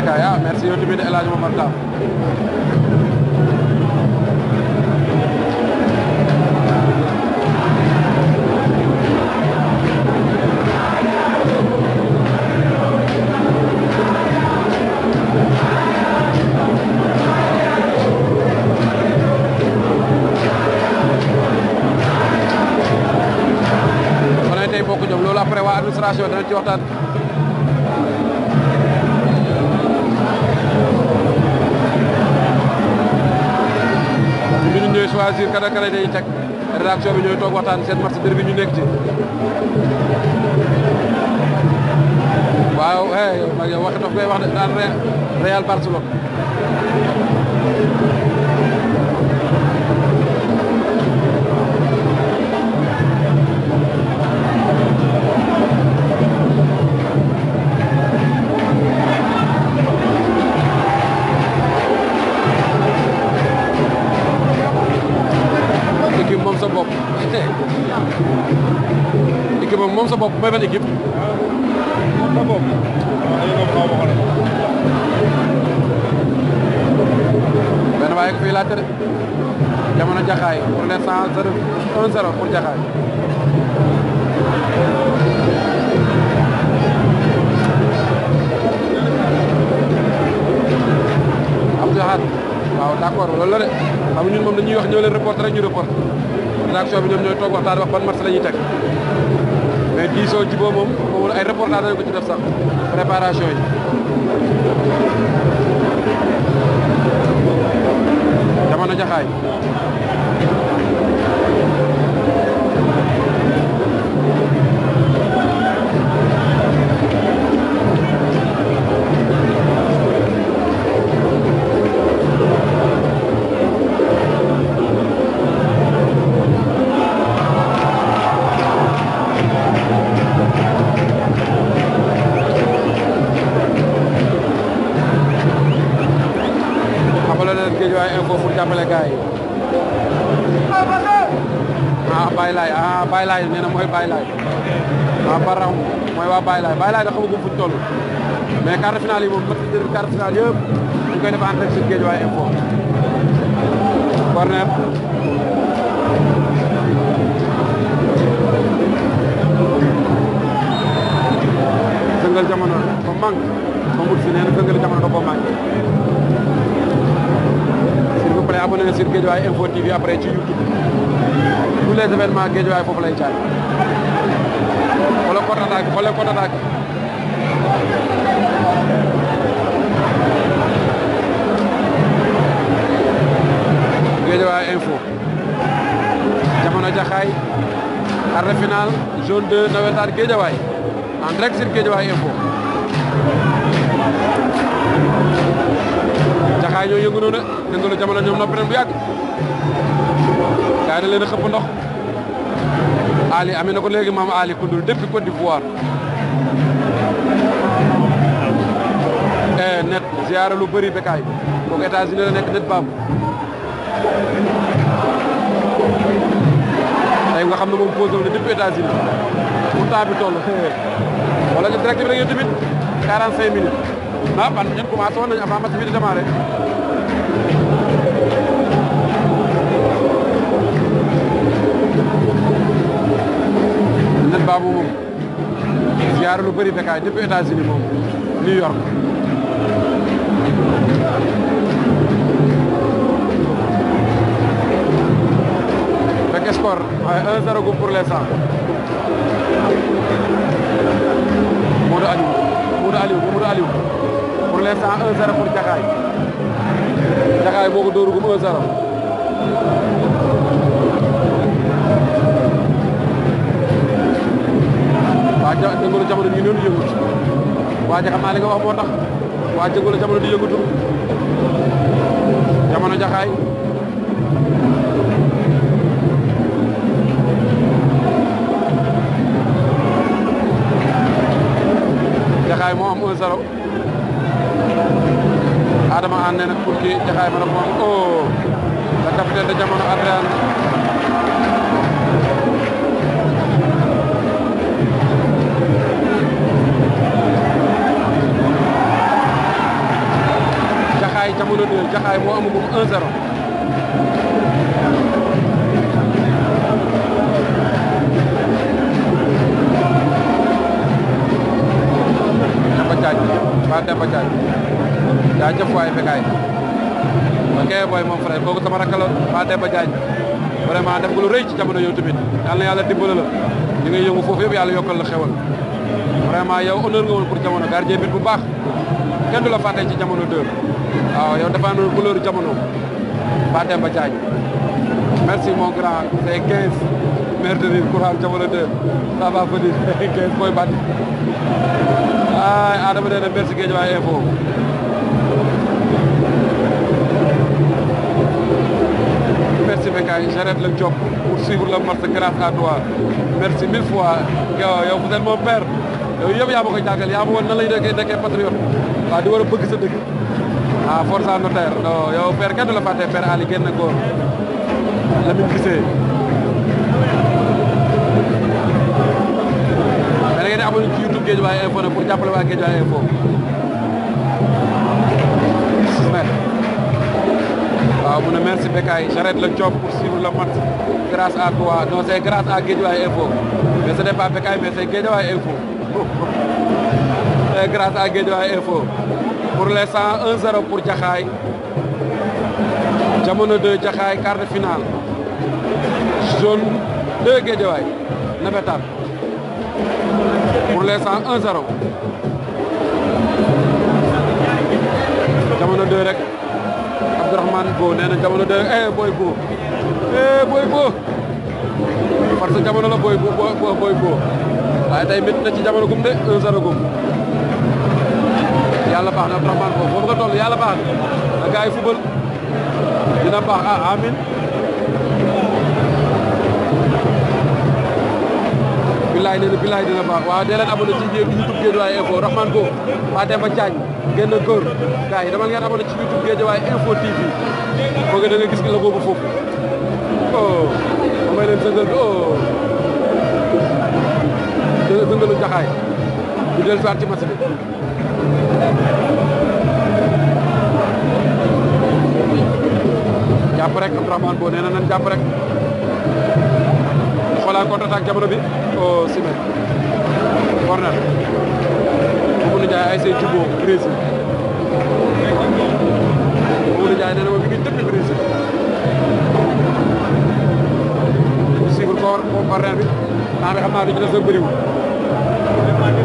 ya, merci yow tamit El Hadj Momar Dam bokku ñoom loolu après administration dana ci waxtaan choisir kan ak kan lañ teg waaw eh yow man yow de Real Barcelone. équipe moom sa bopp mooy ban équipe. sa bopp benn waaye ko fii laajte de jamono jaxaay pour l'instant 1 0 pour jaxaay. Abdou Hadj waaw d'accord loolu la de xam ñun moom dañuy wax ñoo leen reporté rek ñu reporté rédaction bi ñoom ñooy toog waxtaan wax ban match la teg. mais diisoo jiboo moom moom ay reportage dañu ko ci def sax préparation yi. jamono jaxaay. Diagne nee na mooy Baye Laye waa Barham mooy waa Baye Laye Baye Laye da xamagum fuñ toll mais quart de finale yi moom mat na jël quart de finale yëpp ñu koy def en direct sur jamono mut si nee na sëngal jamono ko manque s'il vous plaît Info TV après ci YouTube les événements Guédiawaye foofu lay caay xoolal contre attaque xoolal contre attaque Guédiawaye info jamono jaxaay quart de finale zone 2 nawetaan Guédiawaye en direct sur info jaxaay ñoo yëngu noonu dëngalu jamono ñoom noppi nañ bu yàgg gaa yi xëpp ndox Ali amee na ko léegi maam Ali Koundoul depuis Côte d'Ivoire. Eh, net ziara lu bëri bekaay kooku États-Unis la nekk net baabu tey nga xam na moom posé wu ne États-Unis pour temps bi toll wala nga direct bi rek yow tamit 45 minutes ah ban ñun commencé woon nañu avant match Ahmed Babou moom ziyaar lu bëri Bécaye depuis États-Unis moom New York fekk score waaye 1-0 gu pour l'instant Modou Aliou Modou Aliou Modou Aliou pour l'instant 1-0 pour Jakaay Jakaay moo ko dóoru gum 1-0 jëngalu jamono ñu noonu yëngut waa xam naa li nga tax waa jëngalu jamono di yëngutu jamono jaxaay jaxaay moo am 1 0 Adama ànd na pour kii jaxaay ma ne moom oh le capitaine de jamono Adrien jaxaay jamono yooyu jaxaay moo amagum 1-0. Demba Diagne waaw Demba Diagne jaajëf waay booy moom frère kooku sama rakk la waaw Demba Diagne vraiment def nga lu rëy ci jamono yooyu tamit na yàlla dimbali la li ngay yëngu foofu yëpp yàlla yokkal la xewal vraiment yow honneur nga woon pour jamono gardien but bu baax. kenn dula la ci jamono deux waaw yow dafa no couleur jamono ba dem ba jaaj merci mon grand c'est 15 maire de ville courant jamono deux ça va venir 15 mooy bàtt ay adama dee merci géej wa info merci beka j'arrête le job pour suivre le match grâce à toi. Merci mille fois. Vous êtes mon père. Vous êtes mon père. Vous êtes mon père. Vous êtes mon patriote. waa di war a bëgg sa dëkk ah força notaire non yow père kenn du la fàtte père Ali génn góor la mu gisee da ngeen di abonné ci YouTube Guédiawaye info na pour jàppale waa Guédiawaye info waaw mu ne merci Bécaye j'arrête le job pour suivre le match grâce à toi non c'est grâce à Guédiawaye info mais ce n'est pas Bécaye mais c'est Guédiawaye info <laughs> grâce à Guédiawaye Info pour l'instant 1-0 um pour Djakhaï. jamono 2 Djakhaï, quart de finale zone 2 Guédiawaye navétane pour l'instant 1-0 um jamono 2 rek Abdurrahman Bo nee na jamono 2 eh Boy Bo eh Boy Bo parce que jamono la Boy Bo Boy Bo waaye tey mit na ci jamono gum de 1-0 gum yàlla baax na Abdourahmane foofu foofu nga toll yàlla baax na da ngay dina baax ah, amin bilaay nee na bilaay dina baax waaw dee leen abonné ci YouTube Guédiawaye info Rahmane Bo waa Demba Diagne génn góor gars yi dama ngeen abonné ci YouTube Guédiawaye info TV foog da nga gis la boobu foofu oh may leen sëngal bi oh sëngalu jaxaay ñu dellusiwaat ci match bi jàpp rek Abdourahmane boo nee nan jàpp rek xoolal contre attaque jamono bi o oh, Sime corner Mamadou Ndiaye ay say jubbo Brésil Mamadou Ndiaye nee na ma mi ngi dëpp Brésil ñu suivre ko corner bi naa bi xam naa li ci des nag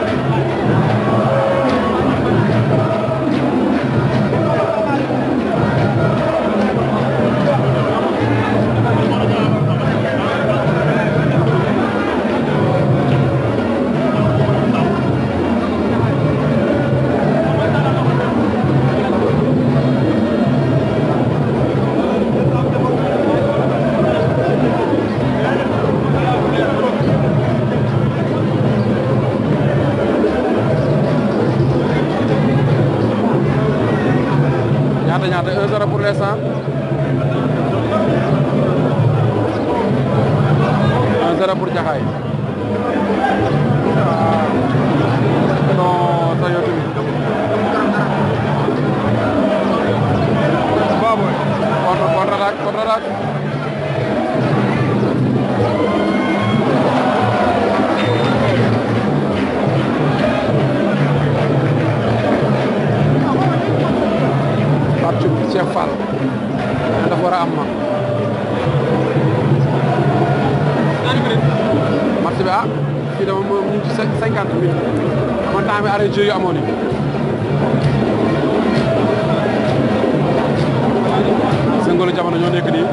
jeu yu amoon yi sëngalu jamono ñoo nekk nii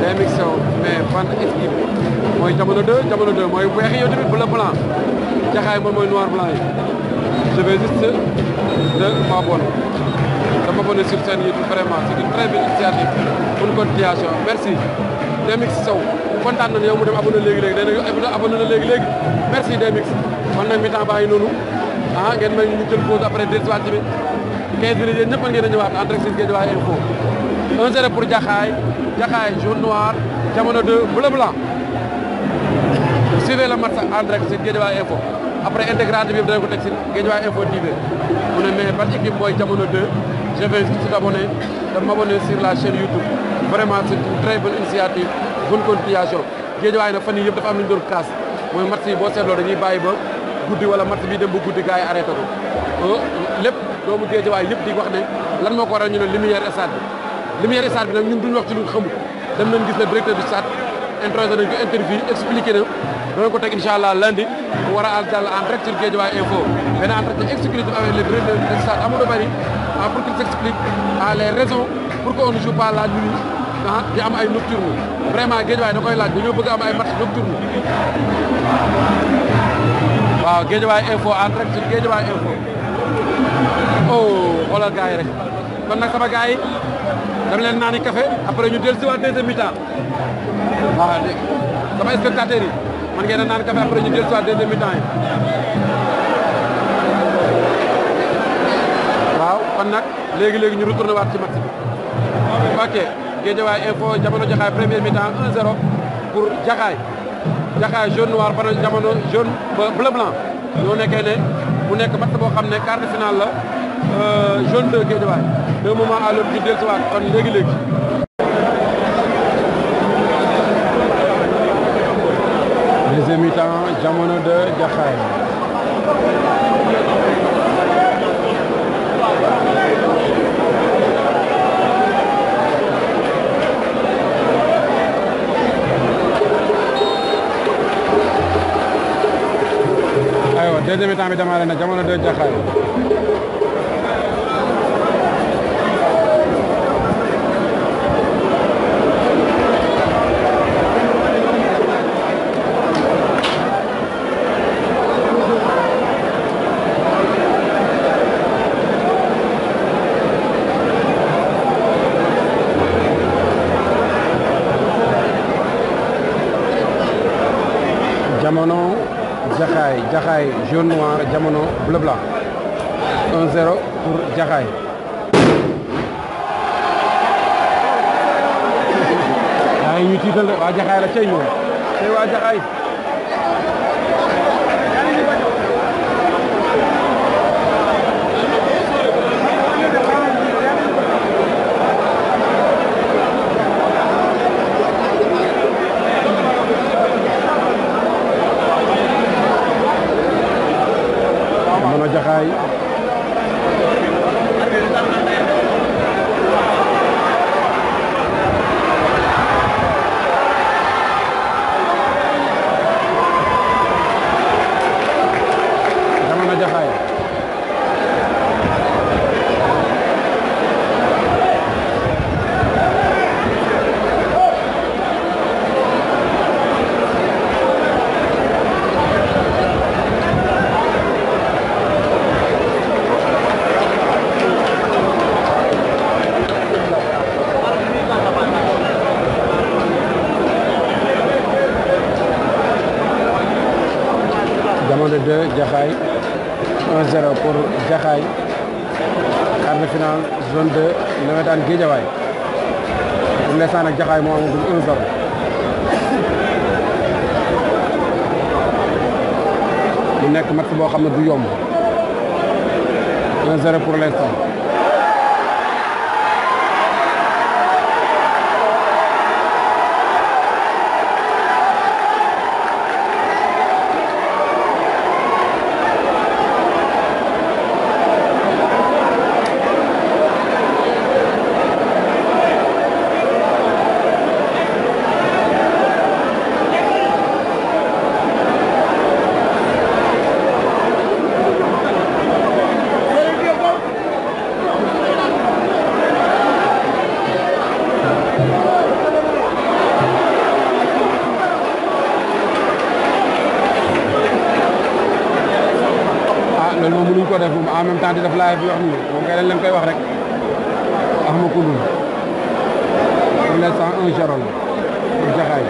day mix sow mais ban équipe mooy jamono 2 jamono 2 mooy weex yi yow tamit bleu blanc jaxaay moom mooy noir blanc yi je vais juste de Mabone da Mabone sur scène yi vraiment c'est une très belle initiative pour une continuation merci Demix Sow kontaan nañu yow mu dem abonné léegi léegi nee nañu abonné na léegi léegi merci DMX kon nag mi temps baa ngi noonu ah ngeen may ñu jël pause après dellusiwaat ci bi 15 minutes yéen ñëpp mën ngeen a ñëwaat en direct ci Guédiawaye Info 1-0 pour Jaxaay Jaxaay jaune noir jamono 2 bleu blanc suivez le match en direct ci Guédiawaye Info après intégralité bi dinañ ko teg ci Guédiawaye Info TV mu ne mais ban équipe mooy jamono 2 je vais vous abonner ma m'abonner sur la chaîne YouTube vraiment c'est une bonne continuation Guédiawaye nag fan yii yëpp dafa am lu ñu doon kaas mooy match yi boo seetloo dañuy bàyyi ba guddi wala match bi dem ba guddi gars yi arrêté ko euh, lépp doomu Guédiawaye yëpp di wax ne lan moo ko waral ñu ne lumière stade bi lumière stade bi nag ñun duñ wax ci lu xamul dem nañ gis le directeur du stade introsé nañ ko interview expliqué na danañ ko teg incha allah lundi mu war a jàll en direct sur Guédiawaye info benn entretien exclusif avec directeur du stade Amadou ah, ah, ah, ay vraiment Guédiawaye da koy laaj bu ñu bëgg am ay match nocturne waaw Guédiawaye info en direct sur Guédiawaye info oh xoolal gars yi rek kon nag sama gars yi dama leen naani café après ñu dellu si waat deuxième mi-temps waaw dégg man ngeen a naan après ñu dellu si waat deuxième waaw kon nag léegi-léegi ñu retourné waat ci match bi ok Guédiawaye info jamono jaxaay premier mi-temps 1-0 pour jaxaay jaxaay jaune noir ba jamono jaune ba bleu blanc ñoo nekkee ne mu nekk match boo xam ne quart de finale la euh, jaune 2 Guédiawaye deux moments à l'autre ñu dellusiwaat kon léegi-léegi deuxième mi jamono de jaxaay deuxième temps bi démarré na jamono 2 jaxaay Jaxaay jaune noir Diamant, bleu blanc 1-0 pour Jaxaay waaye ñu tiital de waa la cay C'est tey Momentum. en même temps di def live bi wax ni moom kay dañ leen koy wax rek Axma Koundoul mu ne 101 jarol pour jaxaay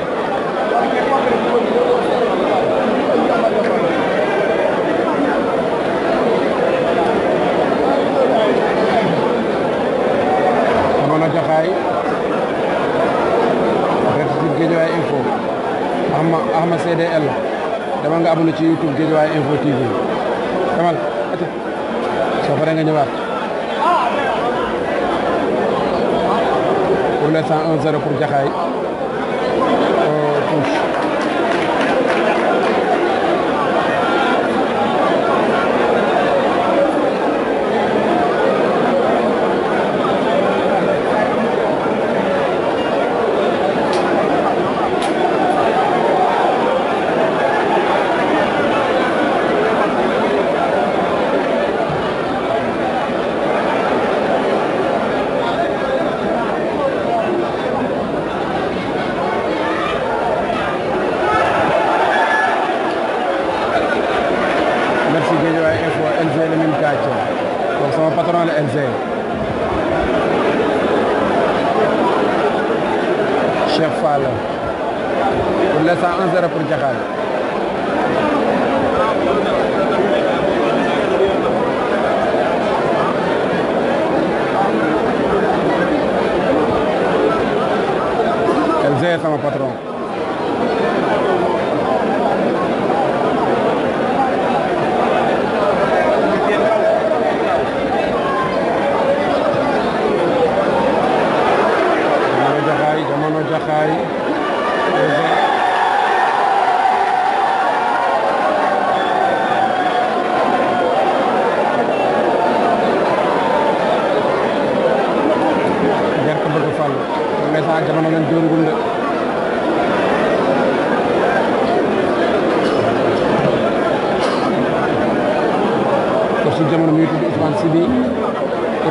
xamoon na jaxaay ret ci Guédiawaye info Axma dama nga abonné ci YouTube Guédiawaye info TV soo paree nga ñëwaat pour l'instant 1-0 pour Jaxaay euh,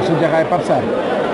Marché Jaxaay Pape Sarr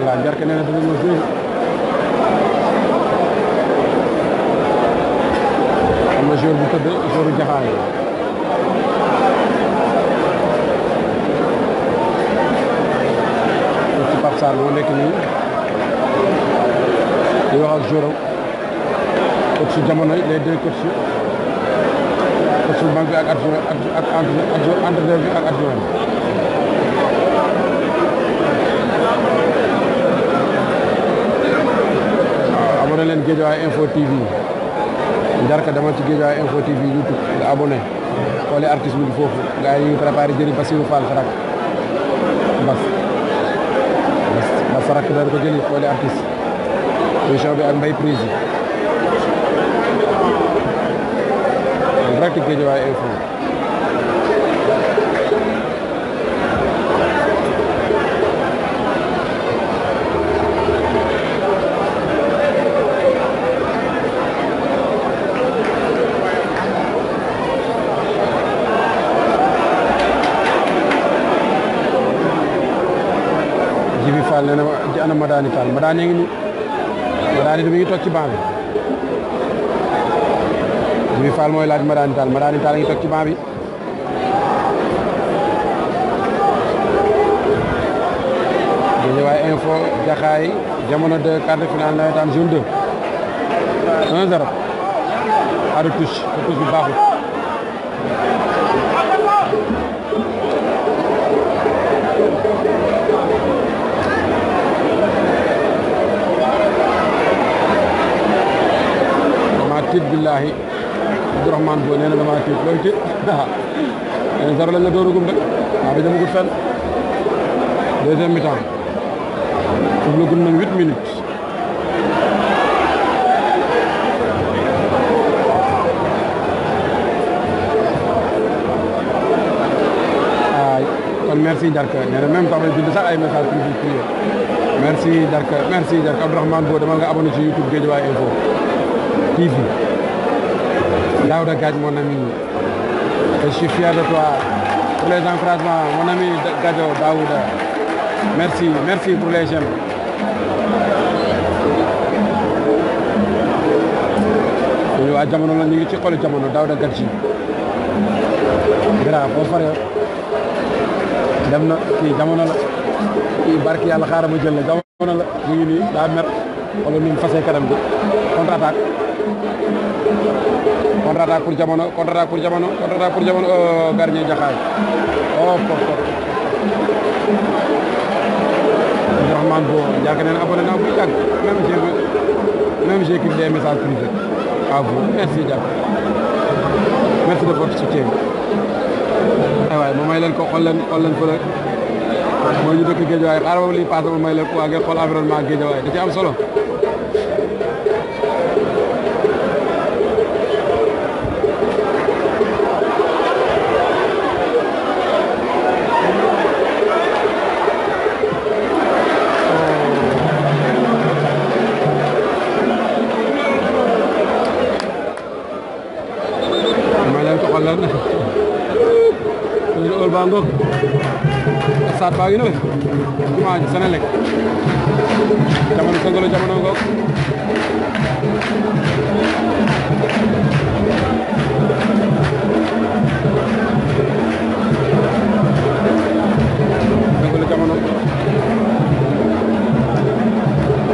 allah njarke nene to mo seeri am na jour bu tëdd jouru jaxaay ci Pape Sarr moo nekk nii di wax ak jouram coach su jamono yi les deux coach coach su banque bi ak adjoint ak entraîneur bi ak adjoint Guédiawaye Info TV njarka dama ci Guédiawaye Info TV YouTube nga abonné bi foofu gars yi ñu ngi préparé jëli Bassirou Fall Sarak Bass Bass Sarak dañ ko jëli xooli artiste émission bi ak mbay prise yi direct Guédiawaye Info ci ana Madani Tall Madani ngi nii Madani mi ngi toog ci banc bi Jibi mooy laaj Madani Tall Madani ci banc bi info Jaxaay jamono 2 quart de finale nawetaan zone 2 1-0 à retouche retouche bi baaxul billahi abdurrahman bo neena dama ci looy tiit en dara lañ la gum rek waaw bi ko fenn deuxième mi-temps daf la gum nañ 8 minutes merci Darka nee même temps may bind sax ay message pour ñu prier merci Darka merci Darka Abdourahmane Bo dama nga abonné ci YouTube Guédiawaye Info TV Daouda Gadj, mon ami. je suis fier de toi pour les encouragements, mon ami Gadjo Daouda. Merci, merci pour les gens. yow a jamono la ñu ngi ci xolu jamono Daouda Gadji gara foo far yow dem na kii jamono la kii barki yàlla xaaral ma jël la jamono la mu ngi nii daa mer wala nu mu fasee kanam bi contre attaque contre-attaque pour jamono contre-attaque pour jamono contre-attaque pour jamono euh, oh gardien Jaxaay oh foofu foofu. Abdourahmane Bo yàgg nañ abonné naa bu yàgg même j' même j' écrit des messages privés à vous merci Diack merci de votre soutien. aywaay ma may leen ko xool leen xool leen fële mooy ñu dëkk Géejawaay xaaral ma lii paase ma may leen ko waa ngeen xool environnement Géejawaay da ci am solo. stade baa ngi nële jumaa ji Senelec jamono sëngalo jamono ngoog sëngalo jamono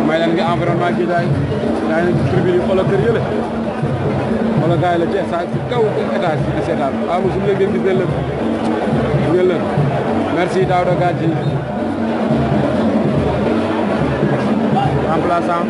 may leen ngi environnement gi daay daa ngi tribune yi xoolal kër yële xoolal gaay la ci si kaw étage bi di seetaan waaw mosul léegi ngeen gis merci Daouda Gadji remplaçant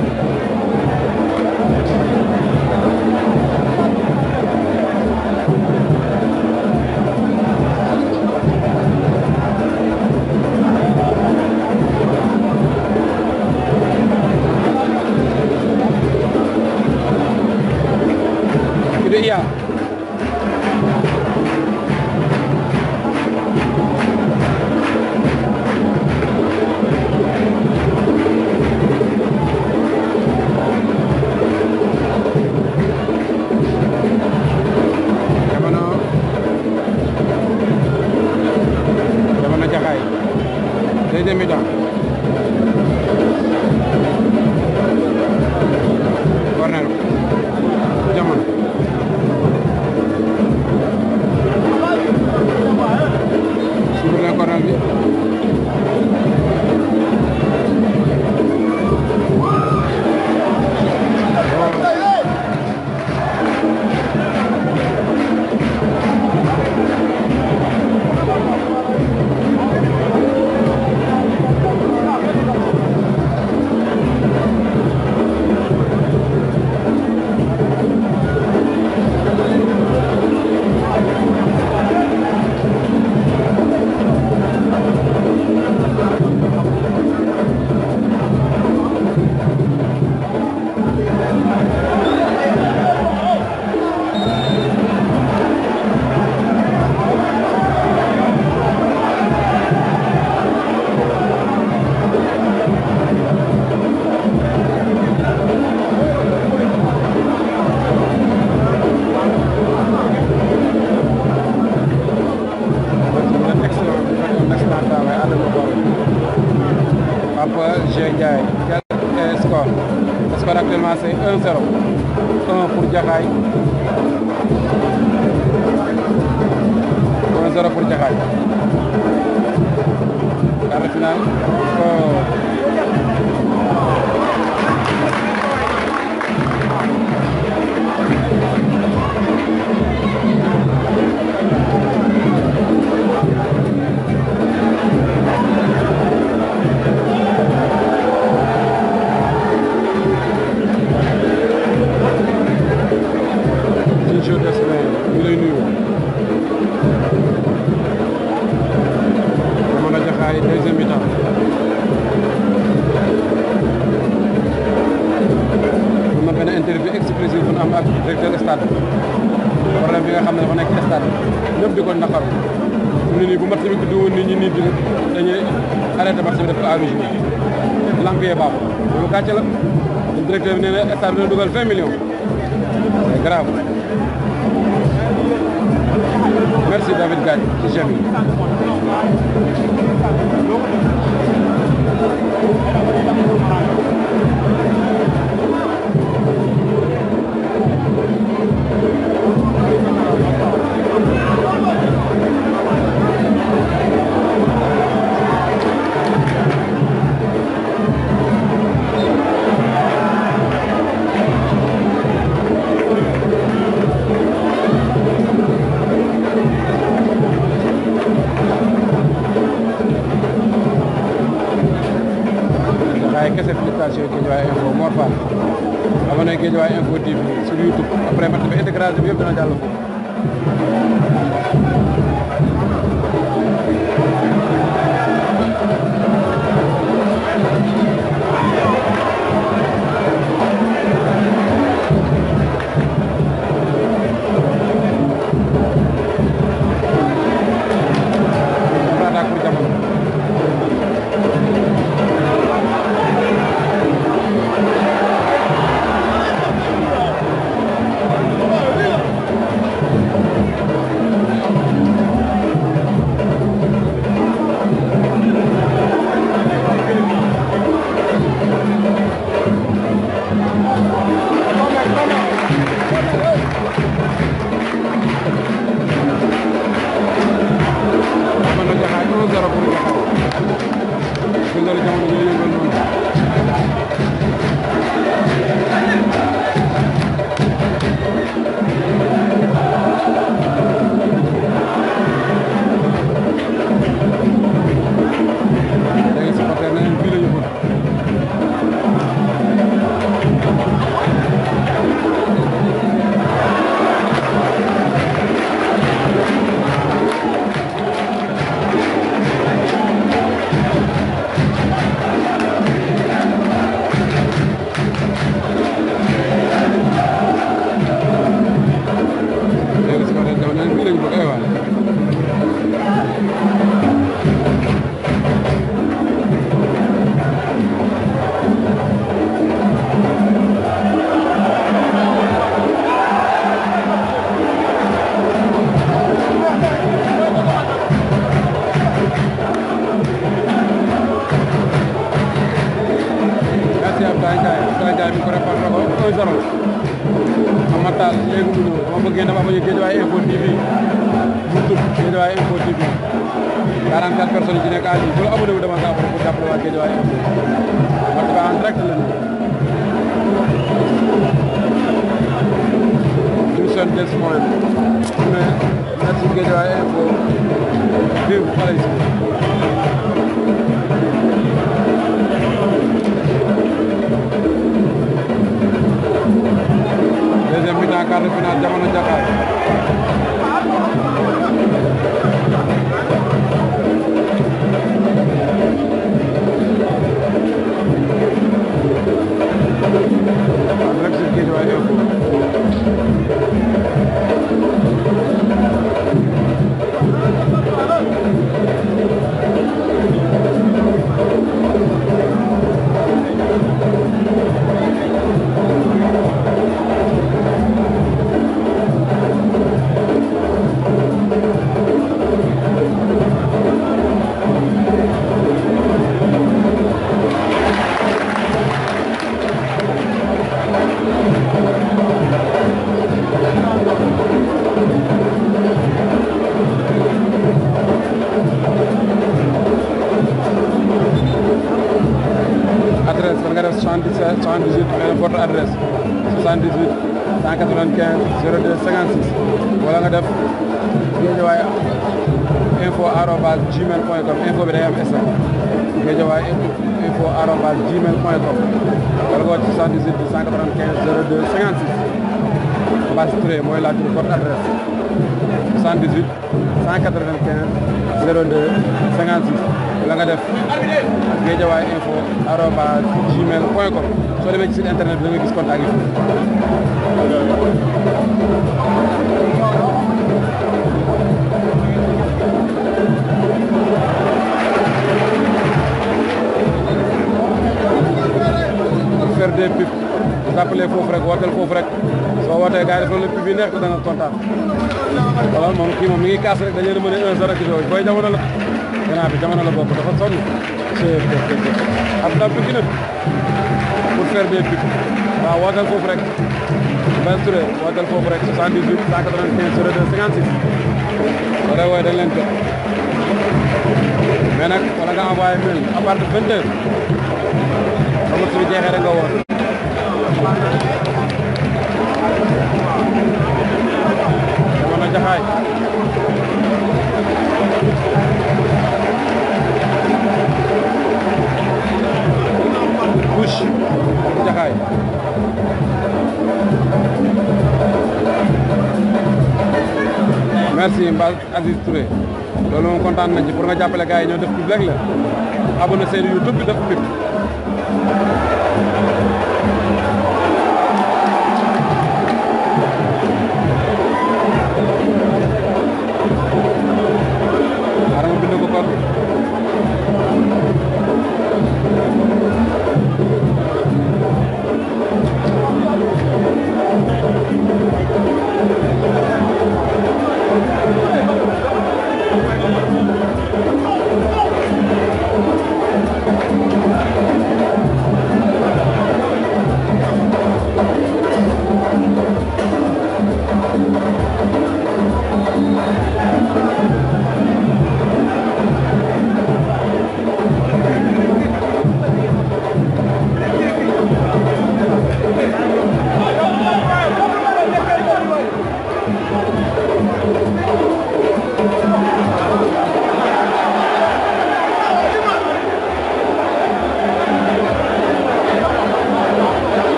Papa G Ndiaye quel score le score actuellement c'est 1-0 1 pour Jaxaay 1-0 pour sàcc la directeur bi nee na état bi dina 20 millions c'est grave merci David Gagne ci chef yi. communication Guédiawaye Info Mor Fall abonné Guédiawaye Info TV sur YouTube après match bi intégration bi yëpp dana jàll Info TV YouTube Guédiawaye Info TV 44 personnes ci nekk à bu la abonné wu ko abonné pour jàppale Info wax ba en direct lañu ñu seen des Info deuxième mi-temps quart de finale Touré mooy laaj bi porte adresse 78 195 02 56 wala nga def géejawaay info arobase gmail point com soo demee ci internet bi da nga gis contact yi. faire des pipes tapale rek wooteel foofu rek. soo wootee gars yi loolu bi neex dana kontaan wala moom kii moom mi ngi kaas rek dañuy mën a un zéro ak yooyu booy jamono la gannaaw bi jamono la bokk dafa sonn c'est ab ndam bi nag pour faire des pics waaw wooteel foofu rek Mbaye Touré wooteel foofu rek 78 195 02 56 wala wooy dañ leen jot mais nag wala nga envoyé mail à partir de 22 xam nga su jeexee rek jamono jaxaay bush jaxaay merci Mbaye Aziz loolu moom kontaan nañ ci nga jàppale gars yi ñoo def pub rek la abonné seen YouTube bi def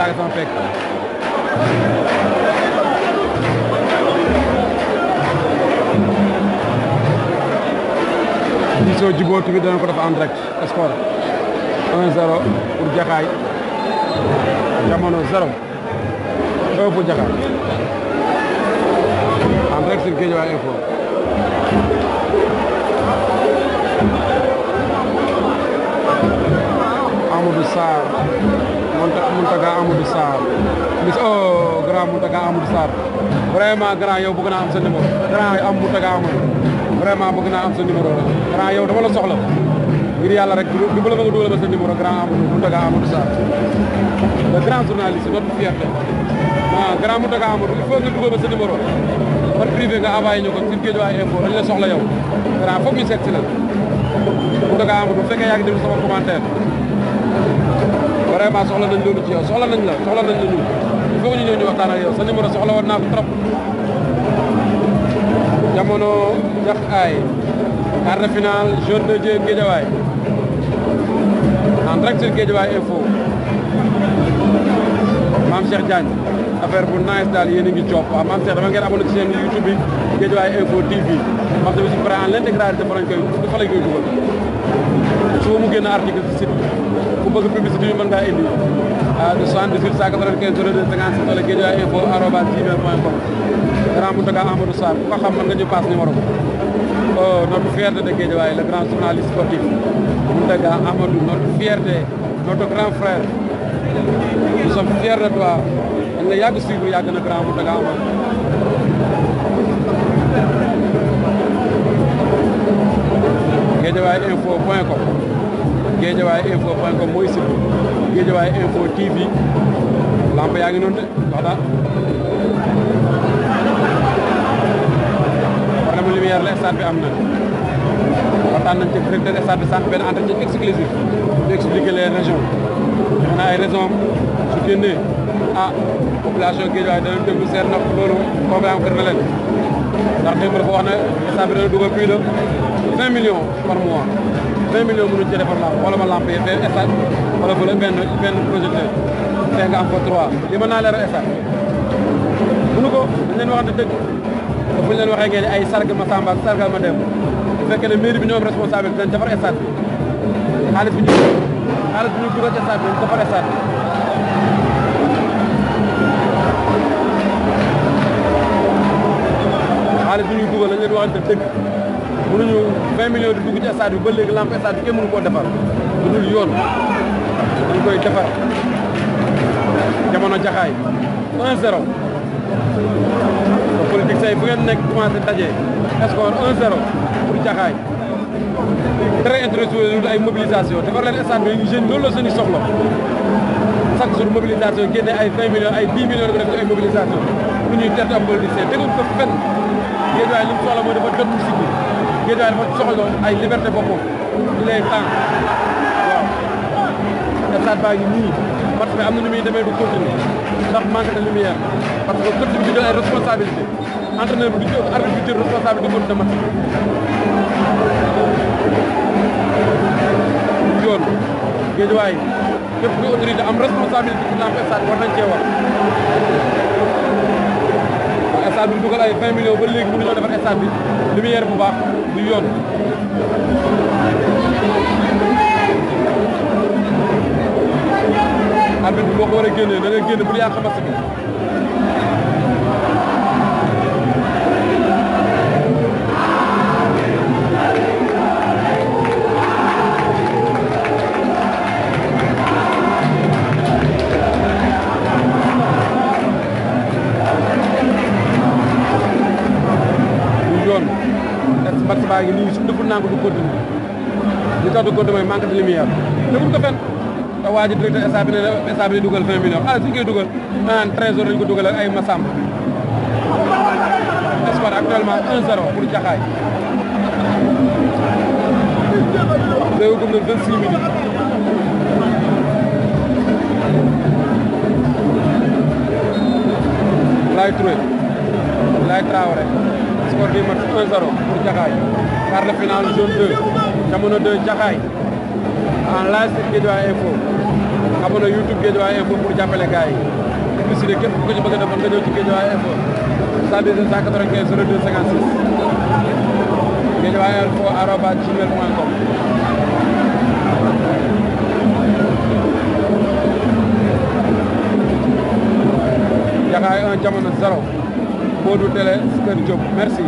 sage sama pekk di soo jubóo tamit danañ def en direct score 1 0 pour Jaxaay jamono 0 1 pour Jaxaay en direct sur Mountaga ta Sarr bis oh grand Mountaga Amadou Sarr vraiment grand yow bëgg naa am sa numéro grand am Mountaga Amadou bëgg naa am sa numéro grand yow dama la soxla ngir yàlla rek du bala ma nga dugalal sa numéro grand Amadou Mountaga Amadou Sarr le grand journaliste notre fierté ah grand Mountaga Amadou il faut nga dugalal sa numéro par privé nga envoyé ñu ko ci Guédiawaye Info dañ soxla yow grand foog ñu seet si la Mountaga Amadou bu fekkee yaa ngi déglu sama commentaire vraiment soxla nañ loolu ci soxla nañ la soxla nañ la ñu il faut ñu ñëw ñu waxtaan ak yow sa numéro soxla woon trop jamono jax aay quart de finale jeune de Dieu Guédiawaye en direct sur Guédiawaye info maam Cheikh Diagne affaire bu nice daal yéen a ngi coop waaw ah, maam dama ngeen amoon ci seen YouTube bi Guédiawaye info TV maam tamit su paree en l'intégralité fa lañ koy fa lañ koy dugal su mu génn article ci site ku bëgg publicité bi mën ngaa indi ah de 78 195 02 57 wala guédiawaye info arobas gmail point com grand Mountaga Amadou Sarr ku ko xam mën nga ñu paas numéro ko oh notre fierté de Guédiawaye le grand journaliste sportif Mountaga Amadou notre fierté notre grand frère nous sommes de toi dañ la yàgg suivre yàgg na grand Mountaga Amadou guédiawaye info point Guédiawaye info point com mooy site Guédiawaye info TV lamp yaa ngi noonu de wax daal. problème lumière la stade bi am na waxtaan nañ ci directeur stade bi sant benn entretien exclusif ñu expliquer les raisons jox na ay raisons su génnee ah population Guédiawaye danañ déglu seet na loolu problème kër na ndax démb dafa wax ne stade bi dana dugal plus de 20 millions par mois. 20 millions mënuñ ci defar lamp wala ma lamp yi benn stade wala fële benn benn projecteur te nga am ko 3 li naa leeral stade mënu ko dañ waxee ngeen ay sargal ma Samba sargal ma dem bu fekkee ne mairie bi ñoom responsable bi dañ defar stade bi xaalis bi ñu xaalis bi ñu dugal ci stade bi dañ defar stade ñuy dugal dañ leen waxante dëgg mënuñu 20 millions di dugg ci bi ba léegi lampe stade bi kenn mënu koo defar lu dul yoon dañ koy defar jamono jaxaay 1 0 politique say bu ngeen nekk commencé daje score 1 0 pour jaxaay très intéressé ay mobilisation defar leen stade bi jeune loolu la seeni soxla chaque jour mobilisation génne ay 20 millions ay 10 millions def ay mobilisation bu ñuy terte am politicien dégguñ ko fenn yéen waaye li mu Guédiawaye dafa soxaloon ay liberté boppam ñu lay tànk waaw stade baa ngi nii parce que am na nu muy demee du continuer ndax manque de parce que coach bi di jël ay responsabilité entraîneur bi di jël arbitre bi di jël responsabilité coach de match yoon Guédiawaye képp ku autorité am responsabilité ci lamp stade war nañ cee état bi dugal ay 20 millions ba léegi mënuñoo defar état bi lumière bu baax bu yoon. arbitre bi boo ko war a génnee da ngay génn bu ñu yàq match bi. baa ngi nii nangu du continue li tax du continue mooy manque de lumière dégul ko te waa ji directeur état bi ne état bi ne dugal 20 millions ala ah, suñu dugal maanaam 13 heures lañu ko dugal ak ay masam espoir actuellement 1-0 pour Jaxaay léegi gum na 26 minutes Laye Touré Laye Traoré score du match 1-0 pour Jaxaay quart de finale zone 2 jamono 2 Jaxaay en live sur Guédiawaye Info abonné YouTube Guédiawaye Info pour jàppale gars yi publicité képp ku ko ci bëgg a defoon nga ñëw ci Guédiawaye Info 77 195 02 56 Guédiawaye Info arobase gmail point com Jaxaay 1 jamono 0 Modou Télé Kër Diop merci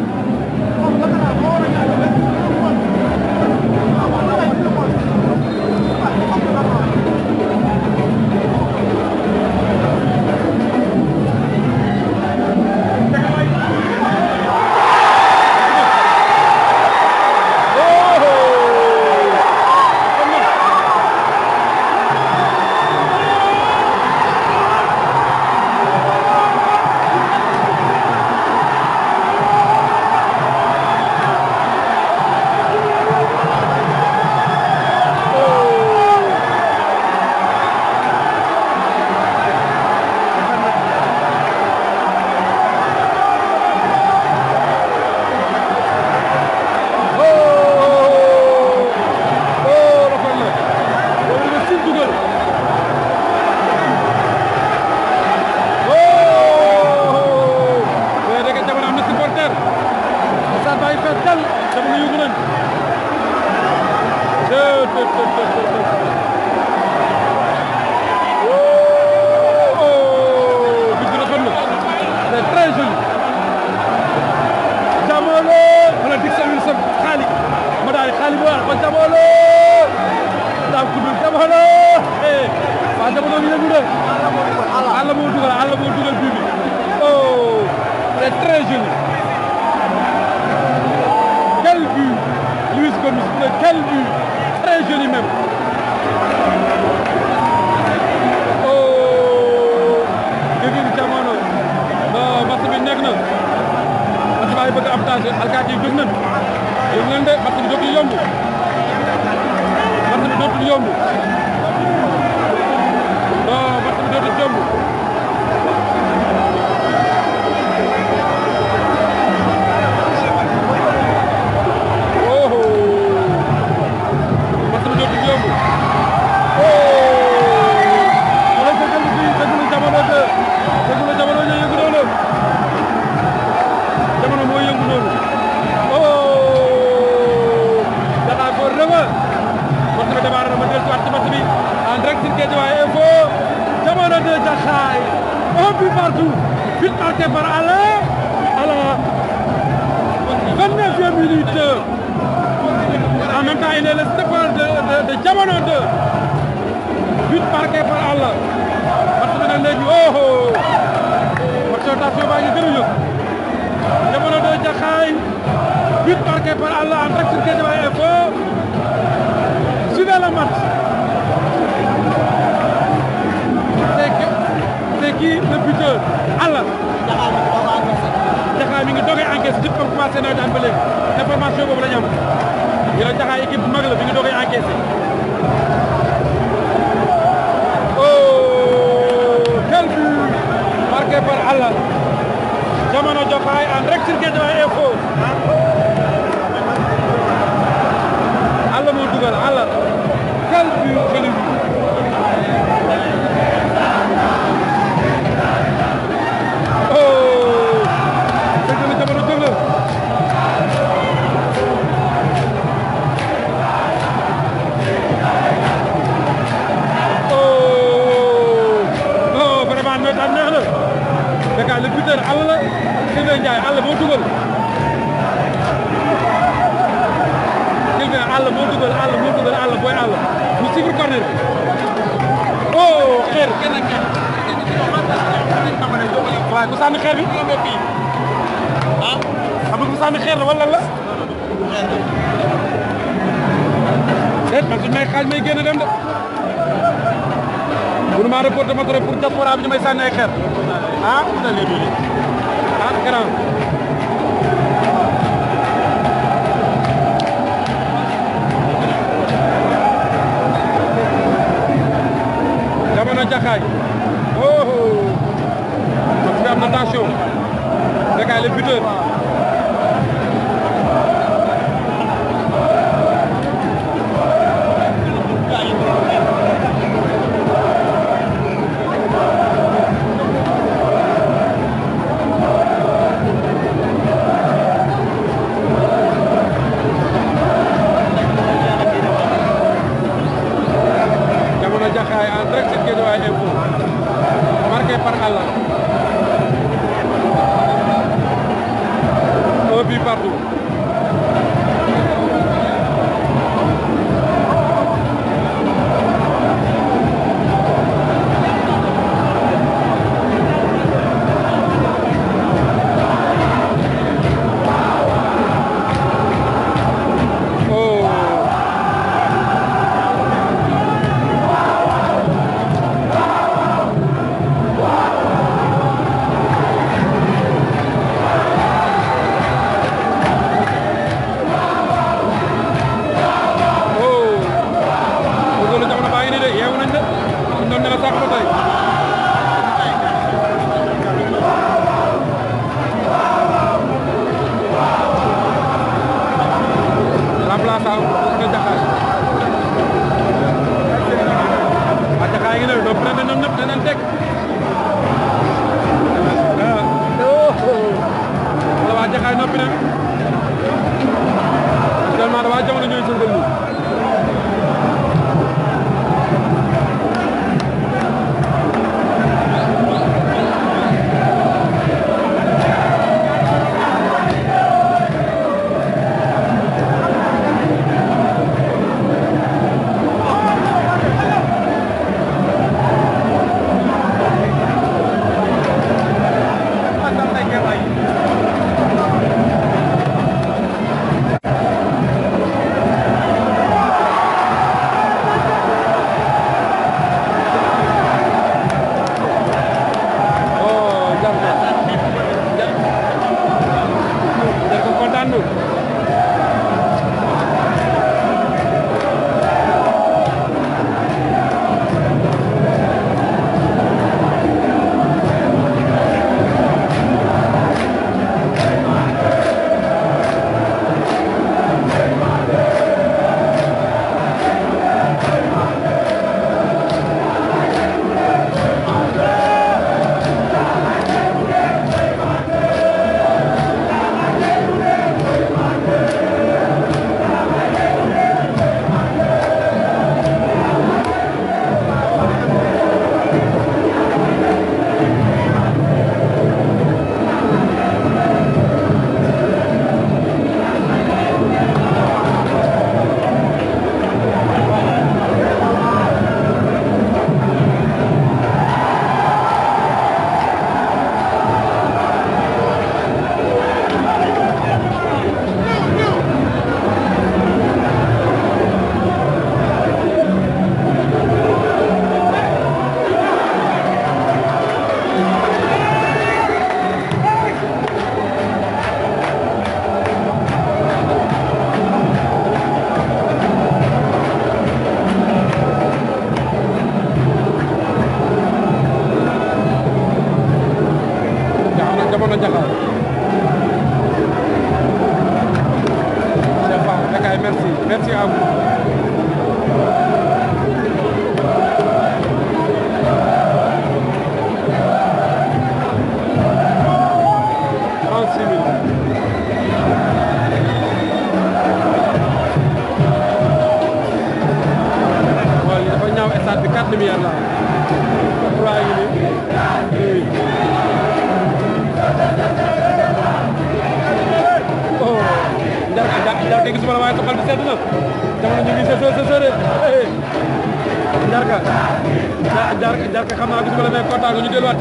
parce que xam naa bisimilah may kontaan ñu delluwaat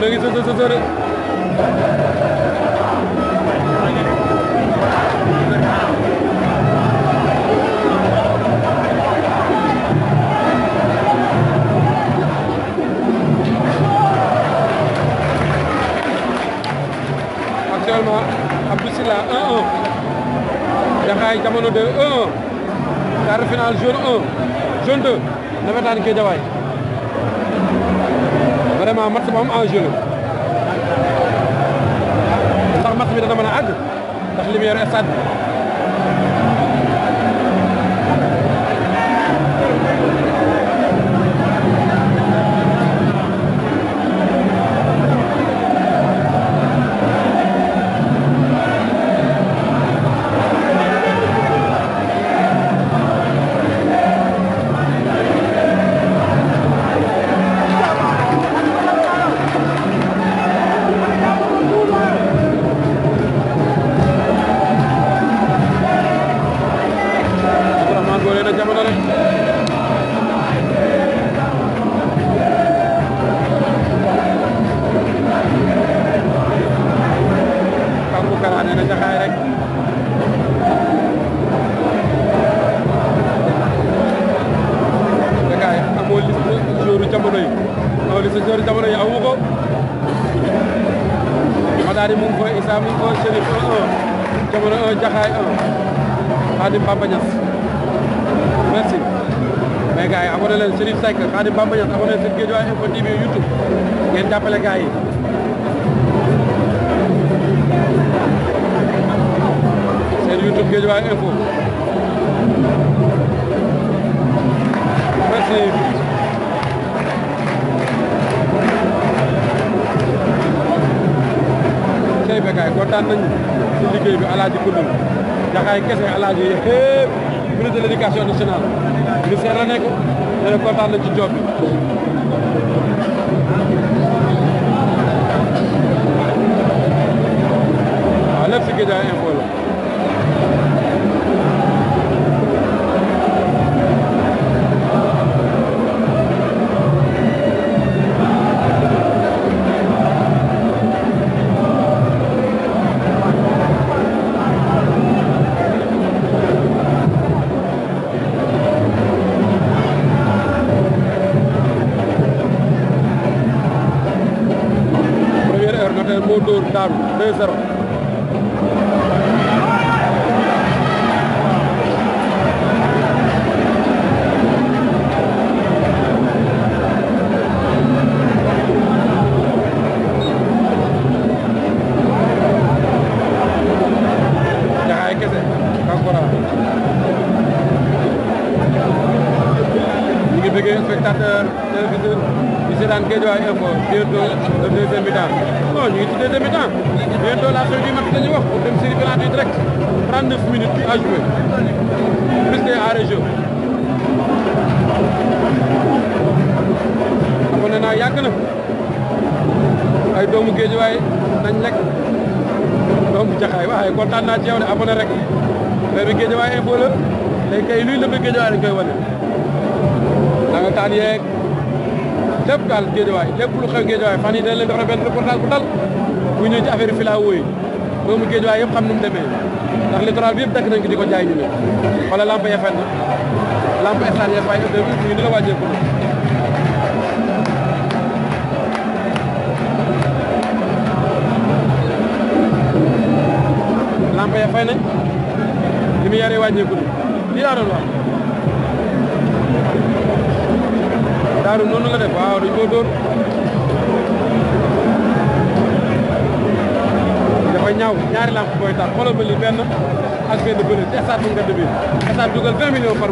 ngi sës sës rek. actuellement Abdou Sylla 1-1 Jaxaay quart final jour 1 jour 2 nawetaan Guédiawaye vraiment match bu am enjeu ndax match bi dana mën a àgg ndax lumière stade Khadim Bamba Niass abonné seen Guédiawaye info TV YouTube ngeen jàppale gars yi seen YouTube Guédiawaye Infos merci bekay kontaan nañu ci liggéey bi alaaji kundul jaxaay kese alaaji yëpp ministre de l'éducation nationale ministère la nekk ñu ne kontaan na ci job bi waaw lépp si Guédiawaye Infos la Ndakaaru 2-0 39 minutes à jouer. Plus arrêts jeu. On est là, abonné naa yàgg na ay doomu géej waaye nañ lekk doomu jaxaay waaye kontaan naa ci yow de abonné rek léegi géej waaye info la léegi kay luy lëbb Il y a koy wane tànn yeeg lépp daal géej waay lépp lu xew géej waay fan yii dañ leen di def benn reportage bu dal bu ñëw ci affaire filao yi doomu géej waay Il y a mu demee. ndax littoral bi yëpp dakk nañ ko diko jaay ñu ne wala lampe ya FN lampe FN ya fay de ñu ngi la wajé ko lampe ya fay nañ li mu yaree wàjjee ko di la doon wax daaru nonu la def waaw dañ koo dóor mooy ñaaw ñaari lamp mooy tax xoolal ma li benn ak benn bële ci stade bu ngand bi stade dugal 20 millions par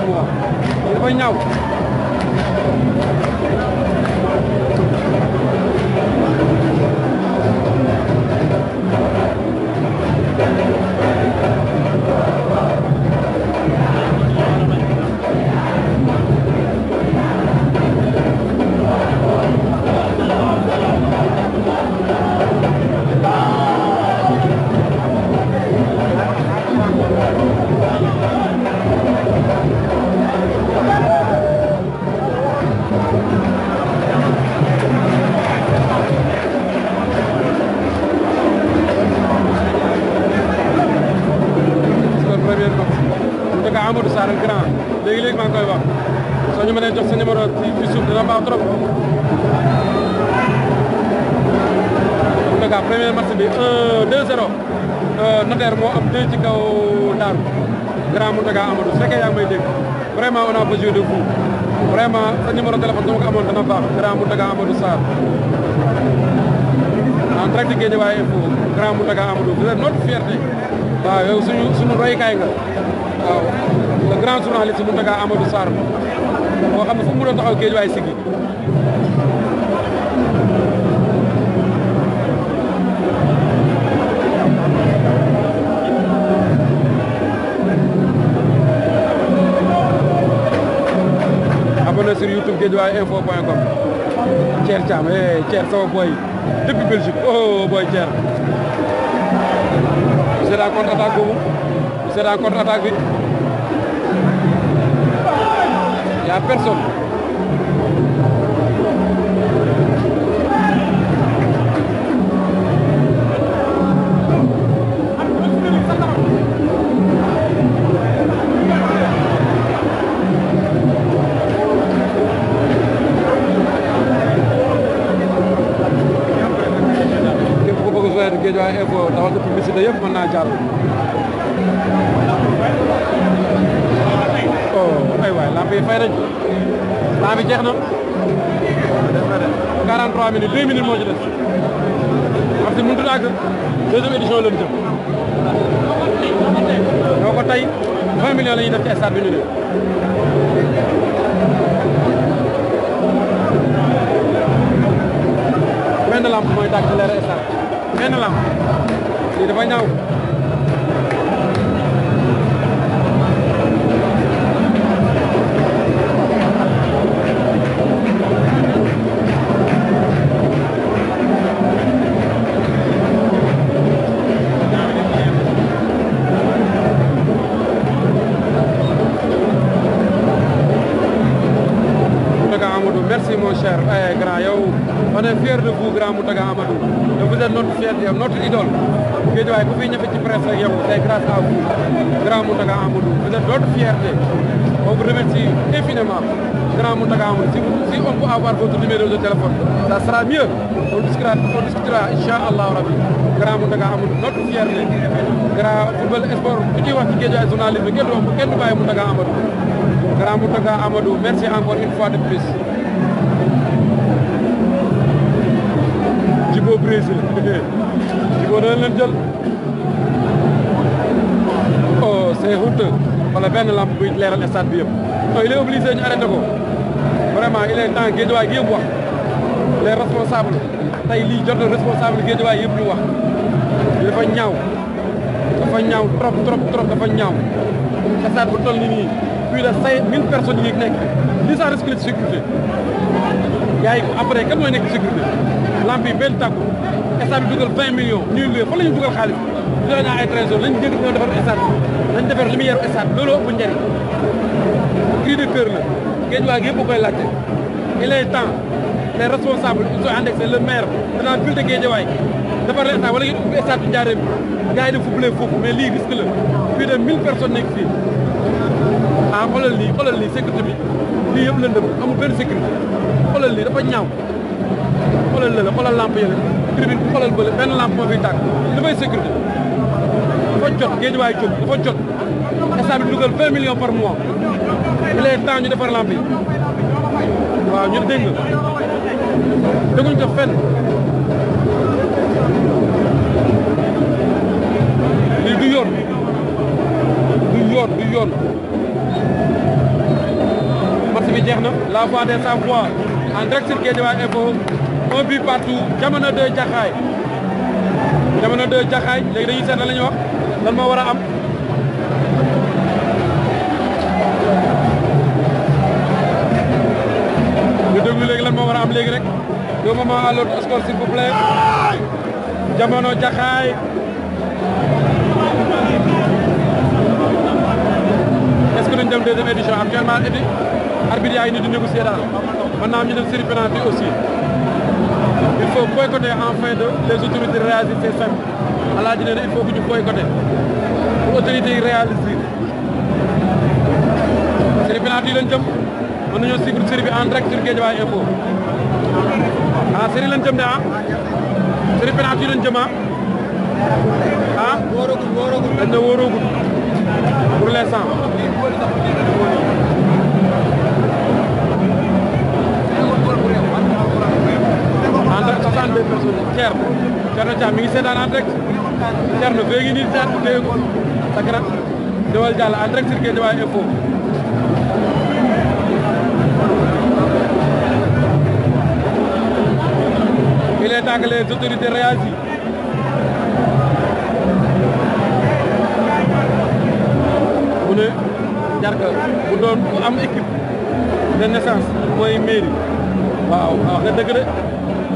maa ngi koy wax soo ñu mënee jox sa numéro ci ci suuf dina baax trop. Omega am 2 ci yaa ngi may dégg vraiment on a besoin de vous vraiment sa numéro téléphone su ma ko amoon dana baax grand Mountaga Amadou Sarr. en direct Guédiawaye Info grand Mountaga Amadou vous êtes notre fierté waaw yow suñu suñu roykaay nga waaw. le grand journaliste Mountaga Amadou Sarr boo xam ne fu mu mën a taxaw géej waay siggi sur youtube guédiawaye info point com Thier Thiam eh Thier sama boy depuis Belgique oh boy Thier c'est la contre-attaque boobu c'est la contre-attaque bi Apa a personne. Géejawaay Infos publicité yëpp mën oh ay waay lamp yi fay nañ lamp yi jeex na 43 minutes 2 moo ci des am si mënut a àgg deuxième édition la ñu jëm ñoo ko tey 20 millions la def ci stade bi ñu ne benn lamp mooy tàkk ci benn lamp lii dafa ñaaw cher. Eh, grand, yo, on est fiers de vous, grand Moutaga Amadou. Vous êtes notre fierté, notre idole. Que tu vous venez petit presse, c'est grâce à vous, grand Moutaga Amadou. Vous êtes notre fierté. On vous remercie infiniment, grand Moutaga Amadou. Si, vous, si on peut avoir votre numéro de téléphone, ça sera mieux. On discutera, on discutera Inch'Allah, Rabbi. Grand Moutaga Amadou, notre fierté. Grand football sport, tu dis que tu es journaliste, mais quel est le Moutaga Amadou Grand Moutaga Amadou, merci encore une fois de plus. réussir jubóo dana leen jël oh c'est honteux wala benn lampe buy leeral stade bi yëpp non il est obligé ñu arrêté ko vraiment il est temps Guédiawaye gi yëpp wax les responsables tey lii jot na responsable Guédiawaye yëpp ñu wax dafa ñaaw dafa ñaaw trop trop trop dafa ñaaw stade bu toll nii plus de cinq mille personnes yi nekk li ça risque de sécurité yaa ngi après kan mooy nekk sécurité lampe yi benn état bi dugal 20 millions ñuy luwee fa la ñu dugal xaalis doy naa ay trésor lañ jëkk ñoo defar état lañ defar li muy yaru état loolu ëpp njëriñ cri de cœur la géej waay gi yëpp koy laajte il est temps les responsables ils sont indexés le maire danaa ville de Guédiawaye defar la état wala ngeen ubbi état bi njaaree bi gars yi di fuble foofu mais lii risque la plus de 1000 personnes nekk fii ah xoolal lii xoolal lii sécurité bi lii yëpp lëndëm amul benn sécurité lii dafa tribune bu xoolal bële benn lampe moo fiy tàkk dafay sécurité dafa jot géej waay jóg dafa jot état bi dugal 20 par mois il est ñu defar lampe yi waaw ñu dégg nga dégguñ ko fenn lii du du yoon du yoon match bi jeex na la voix des sans voix en direct sur Guédiawaye Infos un but partout jamono 2 jaxaay jamono 2 jaxaay léegi dañuy seet lan la wax lan moo war am ñu déglu léegi lan moo war am léegi rek deux moments à score s'il vous plaît jamono jaxaay est-ce que dañu dem deuxième édition actuellement arbitre di négocier daal am ñu dem série aussi il faut boycotter en fin les autorités réalisent seen famille alaaji il faut que ñu boycotter pour autorités yi réaliser série yi lañ jëm mën nañoo suivre série bi en direct sur Guédiawaye Info ah série jëm de ah série yi lañ jëm ah ah wóoragul wóoragul dañ ne 62 personnes Thierno Thierno Thiam mi ngi seetaan en direct Thierno bee ngi nii saa su dee ko sa grand Joal Diallo en direct sur Guédiawaye Info il est temps que les mu ne jarka am équipe de naissance mooy mairie waaw wax nga dëgg de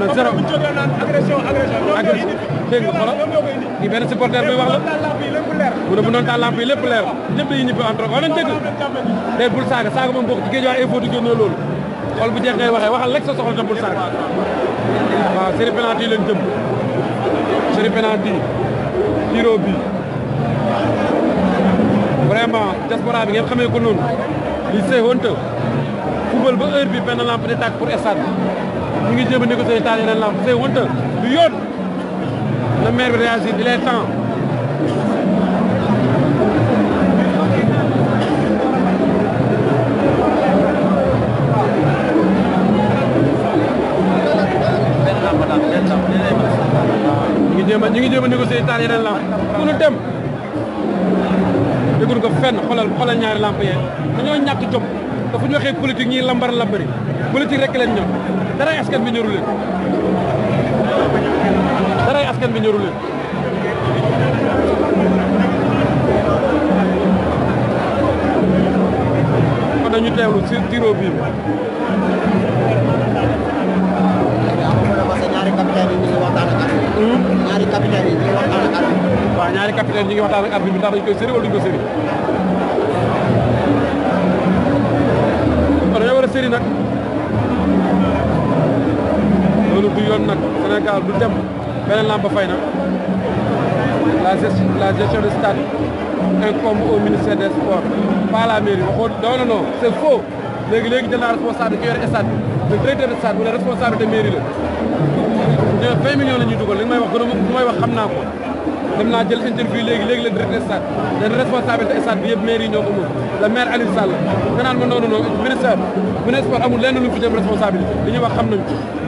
na zéro agression dégg nga xoolal kii la mu ne bu doon taal lamp yi lépp leer ñëpp dañuy ñibbi entre wax nañ dëgg bul saaga saaga moom bokk ci géej waaye info di génne loolu xool bu jeex ngay waxee waxal lekk sa ta te bul saaga waaw série penalty yi leen jëm série penalty tiro bi vraiment diaspora bi xamee ko noonu li c'est honteux football ba heure bi benn lamp di tàkk ñu ngi jéem a négocier état yeneen lamb c'est honteux du yoon le maire bi réagir il est temps ñu ngi jéem a ñu ngi jéem a négocier état yeneen lamb ku nu dem dégul ko fenn xolal xolal ñaari lamp yee dañoo ñàkk jom dafa ñu waxee politique ñuy lambar lambari politique rek leen ñoom daray askan bi ñoru leen daray askan bi ñoru leen kon dañu teewlu ci tiro bi ñaari capitaine yi ñu ngi waxtaan ak arbitre bi. waaw ñaari capitaine yi ñu ngi waxtaan ak arbitre bi ndax dañu koy sëri wala duñu ko sëri. kon dañoo war a sëri nag. loolu du yoon nag Sénégal du dem beneen lamb fay na la gestion la gestion de stade incombe au ministère des sports pas la mairie waxoon non non non c' est faux léegi léegi jël naa responsabilité ki yor stade le directeur de stade wala responsabilité mairie la ñoom 20 la ñuy li may wax gën a li may wax xam naa ko dem naa jël interview léegi léegi la directeur stade dañ responsabilité stade bi yëpp maire yi ñoo ko moom le maire Aliou Sall nga naan ma noonu noonu ministère ministère wax xam nañ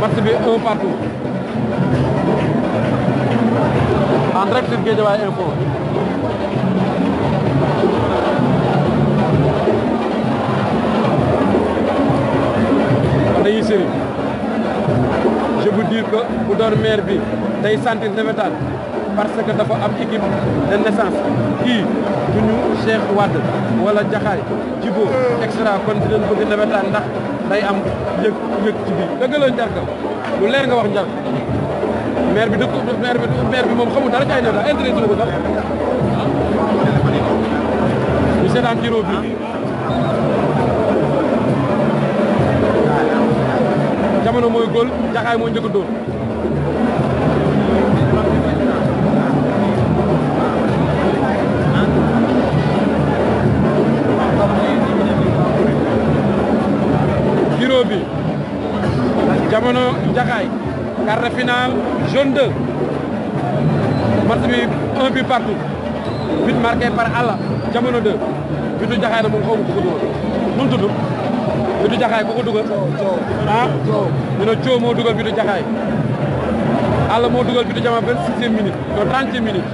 match bi un partout en direct sur Guédiawaye Info dañuy sëriñ je vous dis bi day sentir nawetaan parce que dafa am équipe de naissance kii du ñu Cheikh wad wala jaxay djibo extra kon di leen bëgg nawetaan ndax day am yëg yëg ci bi deug la njargal lu leer nga wax njargal mer bi dëkk mer bi mer bi mom xamu dara ci ay nawetaan intéressé ko sax ñu seetaan ci bi jamono moy gol jaxay mooy njëkk door plateau bi jamono jaxaay quart de finale jaune 2 match bi un but par Allah jamono 2 butu jaxaay na moom xaw ma ku ko dugal nu mu tudd butu ku ko dugal ah ñu ne moo dugal butu jaxaay Allah moo dugal butu jamono vingt sixième minute non trentième minute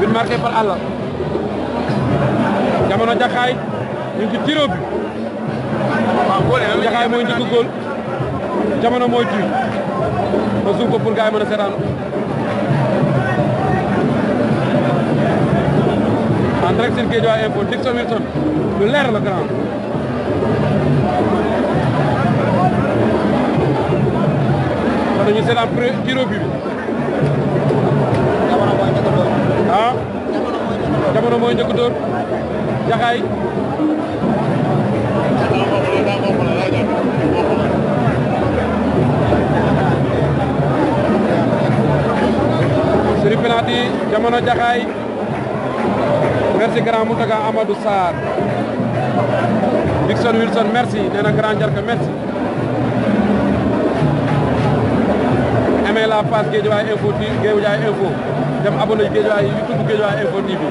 but marqué par Allah jamono jaxaay ñu tiro bi jaxaay moo njëkk góol jamono mooy tuy ma suuf ko pour gars yi mën a seetaan en direct sur Guédiawaye info lu leer la grand kon dañu seetaan bureau bi ah jamono dóor jaxaay seri penalty jamono jaxaay merci grand Moutaga Amadou Sarr Dixon Wilson merci nee na grand Jarka merci aimez la page Guédiawaye Info TV Guédiawaye Info dem abonné Guédiawaye YouTube Guédiawaye Info TV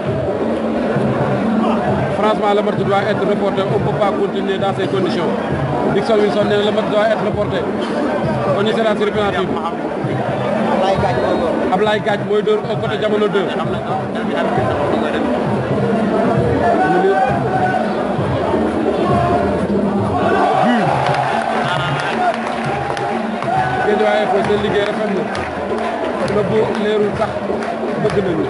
Franchement, le match doit être reporté. On ne peut pas continuer dans ces conditions. Dixon Wilson, le match doit être reporté. On y sera sur le penalty. Ablaye Gadj bu leerul sax bëgg nañu.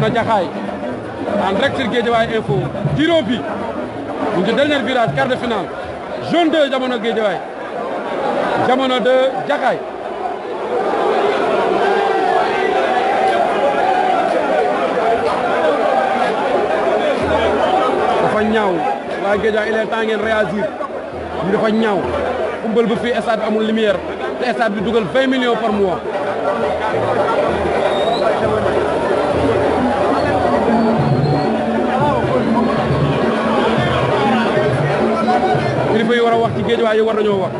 Bignona Jaxaay en direct sur Guédiawaye info tiro bi jamono Guédiawaye jamono ñaaw waa Guédiawaye il est temps ngeen réagir ñaaw kumbal bu fii amul lumière te stade bi dugal 20 millions par mois kilifa yi war wax ci géej waay yi war nañoo wax.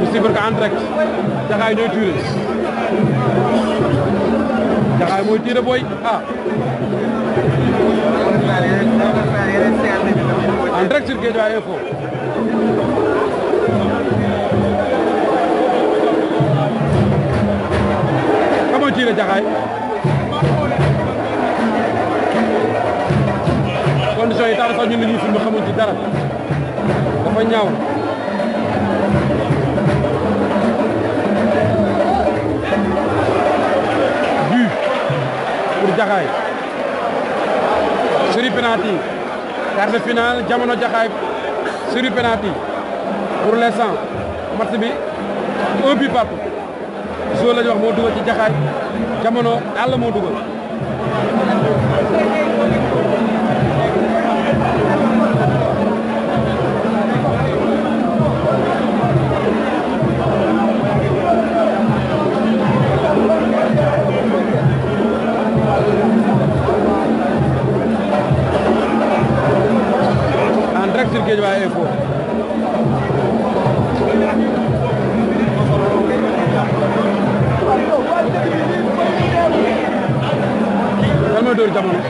ñu suivre ko en jaxaay ñooy tiire jaxaay mooy tiire booy ah. en direct sur Guédiawaye Infos tirer Jaxaay condition yi tax sax ñun dañuy film xamuñ ci dara dafa ñaaw bu pour Jaxaay série penalty quart de finale jamono Jaxaay série penalty pour l'instant match bi un but partout wax ci jamono yàlla moo dugal. en direct sur Guédiawaye lan mooy dóor jamono.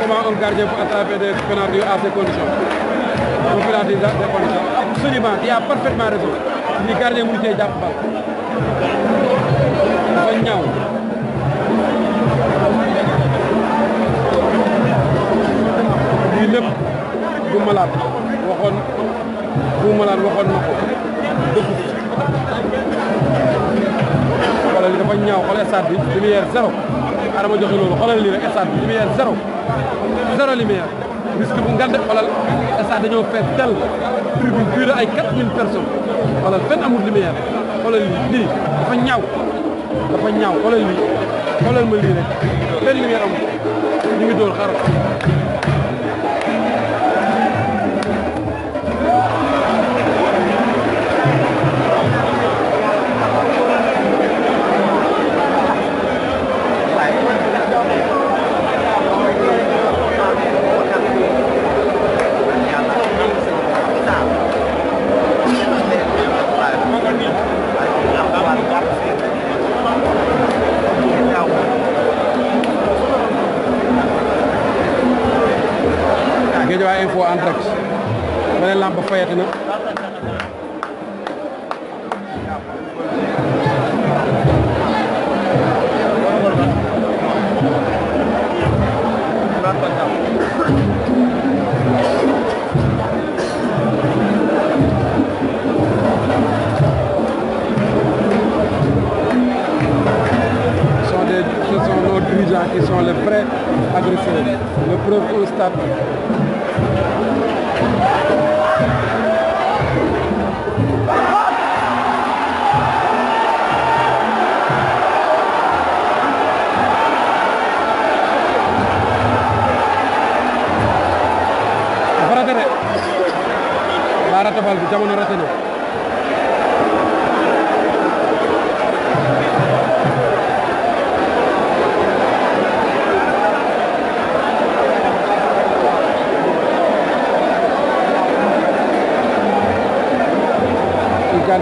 comment un gardien peut attraper des pénaltys à ces conditions au pénalty des conditions absolument parfaitement raison ni gardien mënu cee jàpp bal ñaaw bu malaat waxoon waxoon ma ko dëkk xoolal li dafa ñaaw xool stade bi lumière zéro adama joxe loolu xoolal lii rek stade bi lumière zéro zéro lumière risque bu xoolal stade dañoo fees dell tribune plus de ay quatre mille personnes xoolal fenn amul lumière xoolal lii lii dafa ñaaw dafa ñaaw xoolal lii xoolal ma lii rek benn lumière amul ñu ngi dóor xaar Acompanha de né?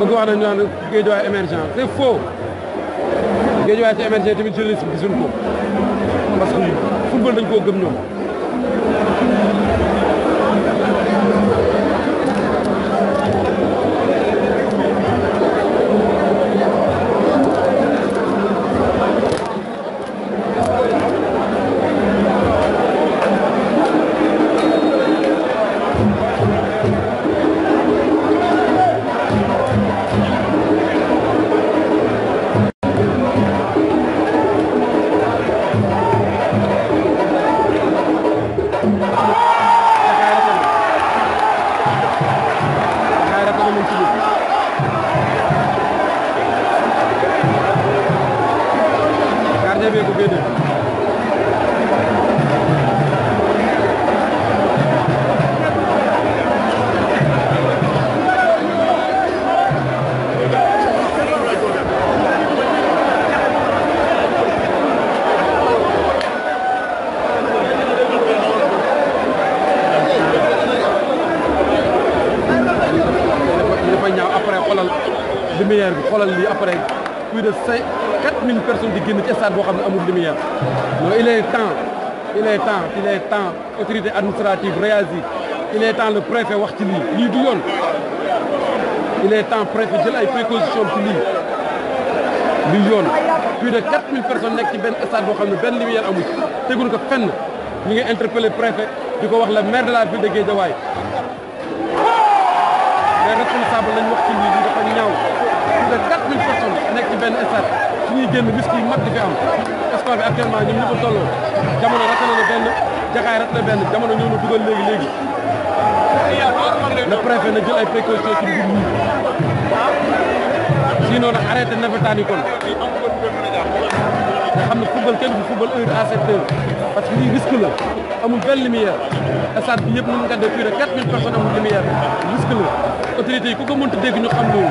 bëgg wax nañu naan Guédiawaye émergent c'est faux Guédiawaye ci émergent tamit jeunesse bi gisuñ ko parce que football dañ koo gëm ñoom. il est temps autorité administrative réagit. il est temps le préfet wax ci il est temps préfet de ay précaution pour lui. du plus de 4000 personnes nekk ci benn stade boo xam ne benn lumière C'est tegul ko fenn ñu ngi interpellé préfet du ko wax le maire de la ville de Guédiawaye les responsables de wax ci lii lii dafa plus de 4000 personnes qui ci benn stade su ñuy génn risque yi sport bi actuellement ñoom ñëpp jamono raté na benn benn jamono ñëw na léegi léegi le jël ay précautions ci dugub ñi sinon nag arrêté navétane yi kon nga xam ne football kenn du football heure à sept heures parce que risque la amul benn lumière stade bi yëpp nu mu gàddee plus de 4000 personnes amul lumière risque la autorités yi ku ko mënta dégg ñu xam loolu.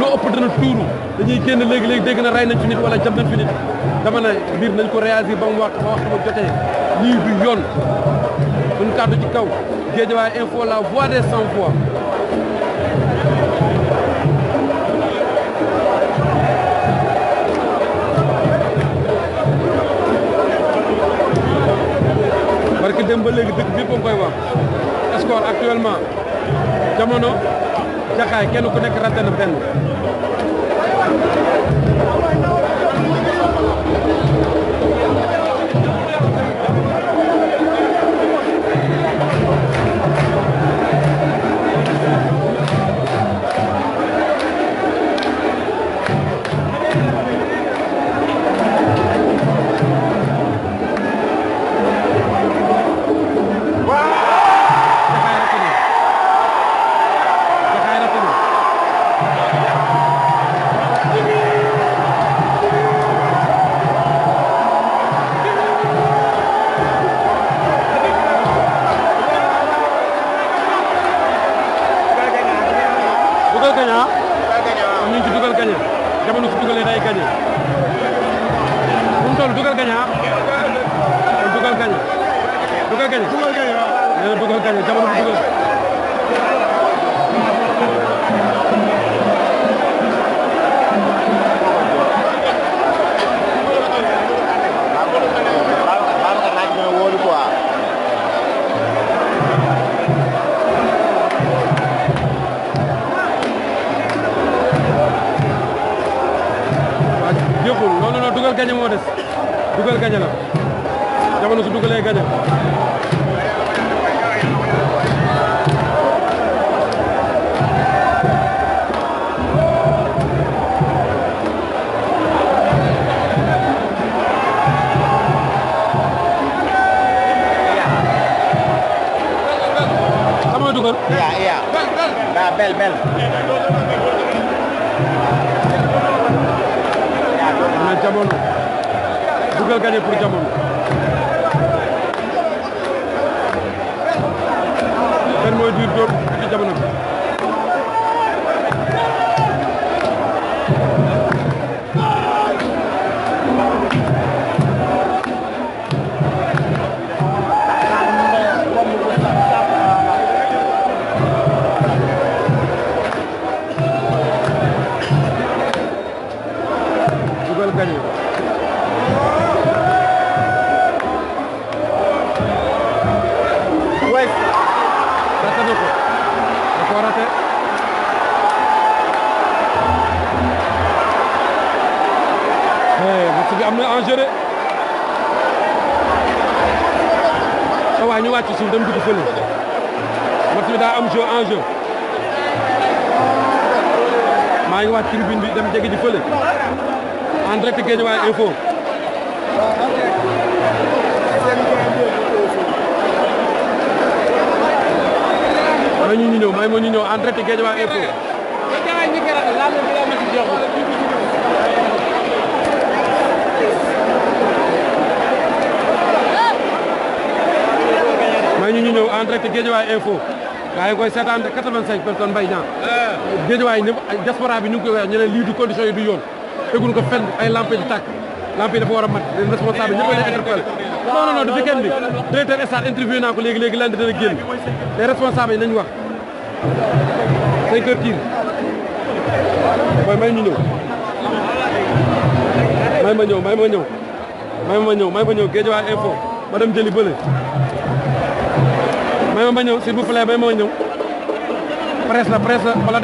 lu ëpp dana tuuru dañuy génn léegi-léegi dégg na rey nañ fi nit wala jam nañ fi nit dama nañ ko réagir ba mu wax ba wax mu jotee lii du yoon suñu kàddu ci kaw Guédiawaye info la voix des sans voix parce que dem ba léegi dëkk bi ba wax score actuellement jamono jaxaay kenn ku nekk raté na benn gañe ah. ñu ngi ci dugal gañe jamono su dugalee day gañe. bu mu toll dugal gañe ah. dugal gañe. dugal gañe dugal gañe waaw. nee na dugal gañe jamono su dugal. dugal gañe moo des dugal gañe la jamono su dugalee gañe Bel, bel. mais jamono dugal gagné pour jamono. kan mooy diir dóor ci jamono bi. jëre sa ah waay ñu wàcc suuf dem dugg fële bi daa am jeu en maa ngi wàcc tribune bi dem jege ji fële en direct Guédiawaye info ma ñu ñu ñëw may ma ñu ñëw en direct info may ñu ñu ñëw en direct Guédiawaye info gaa yi koy seetaan de 85 personnes mbay ñaan Guédiawaye ni diaspora lii du condition yi du yoon teguñ ko ay lampe di tàkk lampe yi dafa war a mat leen responsable ñëpp lañ interpellé non non non du fi kenn bi directeur stade interview naa ko léegi léegi lan di dana génn les wax cinq heures mooy may ñu may ma ñëw may ma ñëw may ma ñëw may ma ñëw Guédiawaye ma dem jëli bële may ma se ñëw s'il vous plaît may ma ñëw presse la presse la wala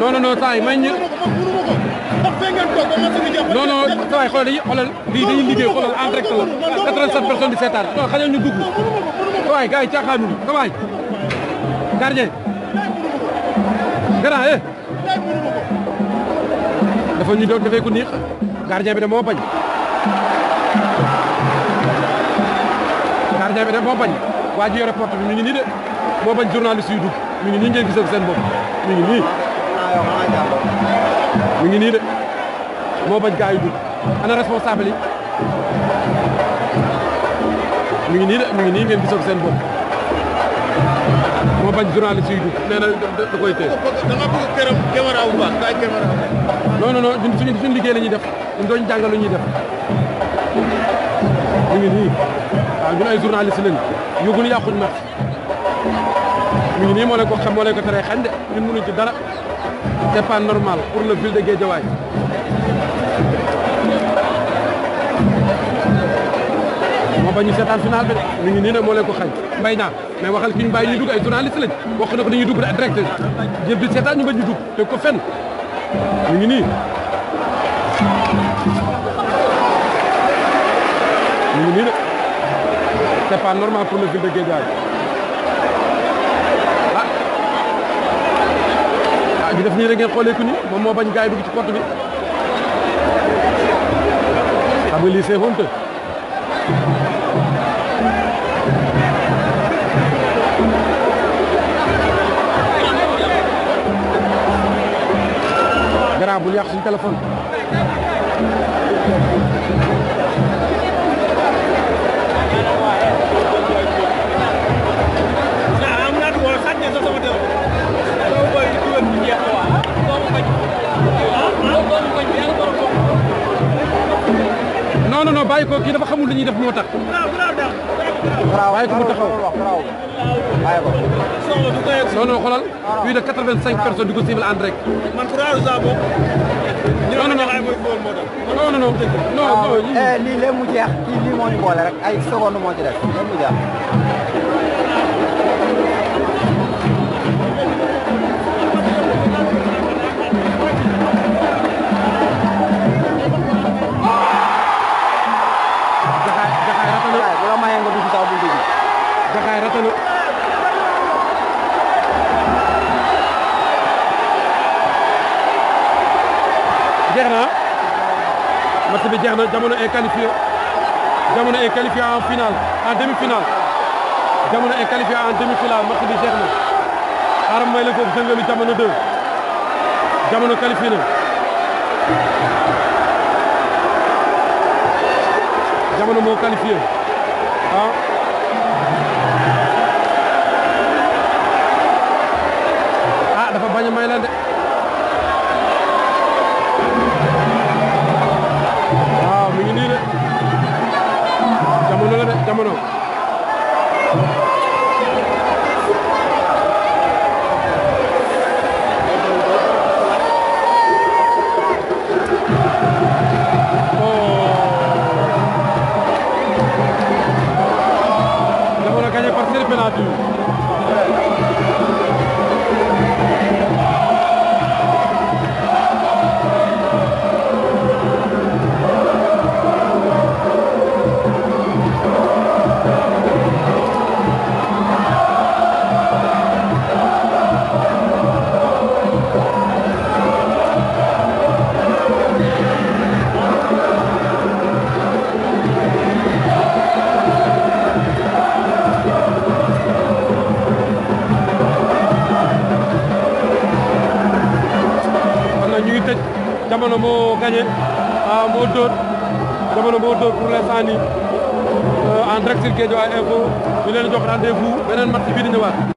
não não en direct tá non non non saa yi may ñu. non non saa tá yi xoolal dañuy xoolal lii dañuy liggéey xoolal en direct la 87 personnes di seetaan non xañal ñu dugg saa yi gars yi caaxaanuñu sa waay gardien grand eh. waa ji yore bi mi ngi nii de boo bañ journaliste yu dugg mi ngi nii ngeen gisal seen bopp mi ngi nii mi ngi nii de moo bañ gaa yu dugg ana responsable yi mi ngi nii de mi ngi nii ngeen gisal seen bopp moo bañ journaliste yu dugg nee na da koy téye. da nga bëgg këram caméra bu baax kaay def ñun dooñu jàngal lu ñuy def mi ngi nii waaw ñun ay journaliste lañu. yëgul yàquñ ma mu ngi nii moo leen ko xam moo leen ko teree xañ de ñun mënuñ ci dara c'est pas normal pour le ville de Guédiawaye moo bañu seetaan final bi de ñu ngi nii nag moo xañ mbay naa mais waxal ki ñu bàyyi ñuy dugg ay journaliste lañ wax na ko dañuy dugg direct jëf di seetaan ñu bañ ñu te ko fen ñu ngi nii ñu ngi nii nag c'est pas normal pour le ville de Guédiawaye ah ah ñu def nii rek ngeen xoolee ni moom moo bañ gars dugg ci porte bi xam nga lii c'est honteux grand bul yàq téléphone bàyyi ko kii dafa xamul li ñi def moo tax. bàyyi ko mu taxaw. non non de personnes di ko ciblé en non non non non non non eh, mu jeex kii lii moo boole rek ay mu jeex na jamono est qualifié jamono est qualifié en finale en demi-finale jamono est qualifié en demi-finale match bi jeex na xaaral may foofu sëngelu jamono 2 jamono qualifié na jamono moo qualifié ah, ah dafa bañ a vámonos. Guédiawaye info ñu leen jox rendez-vous beneen match bii di ñëwaat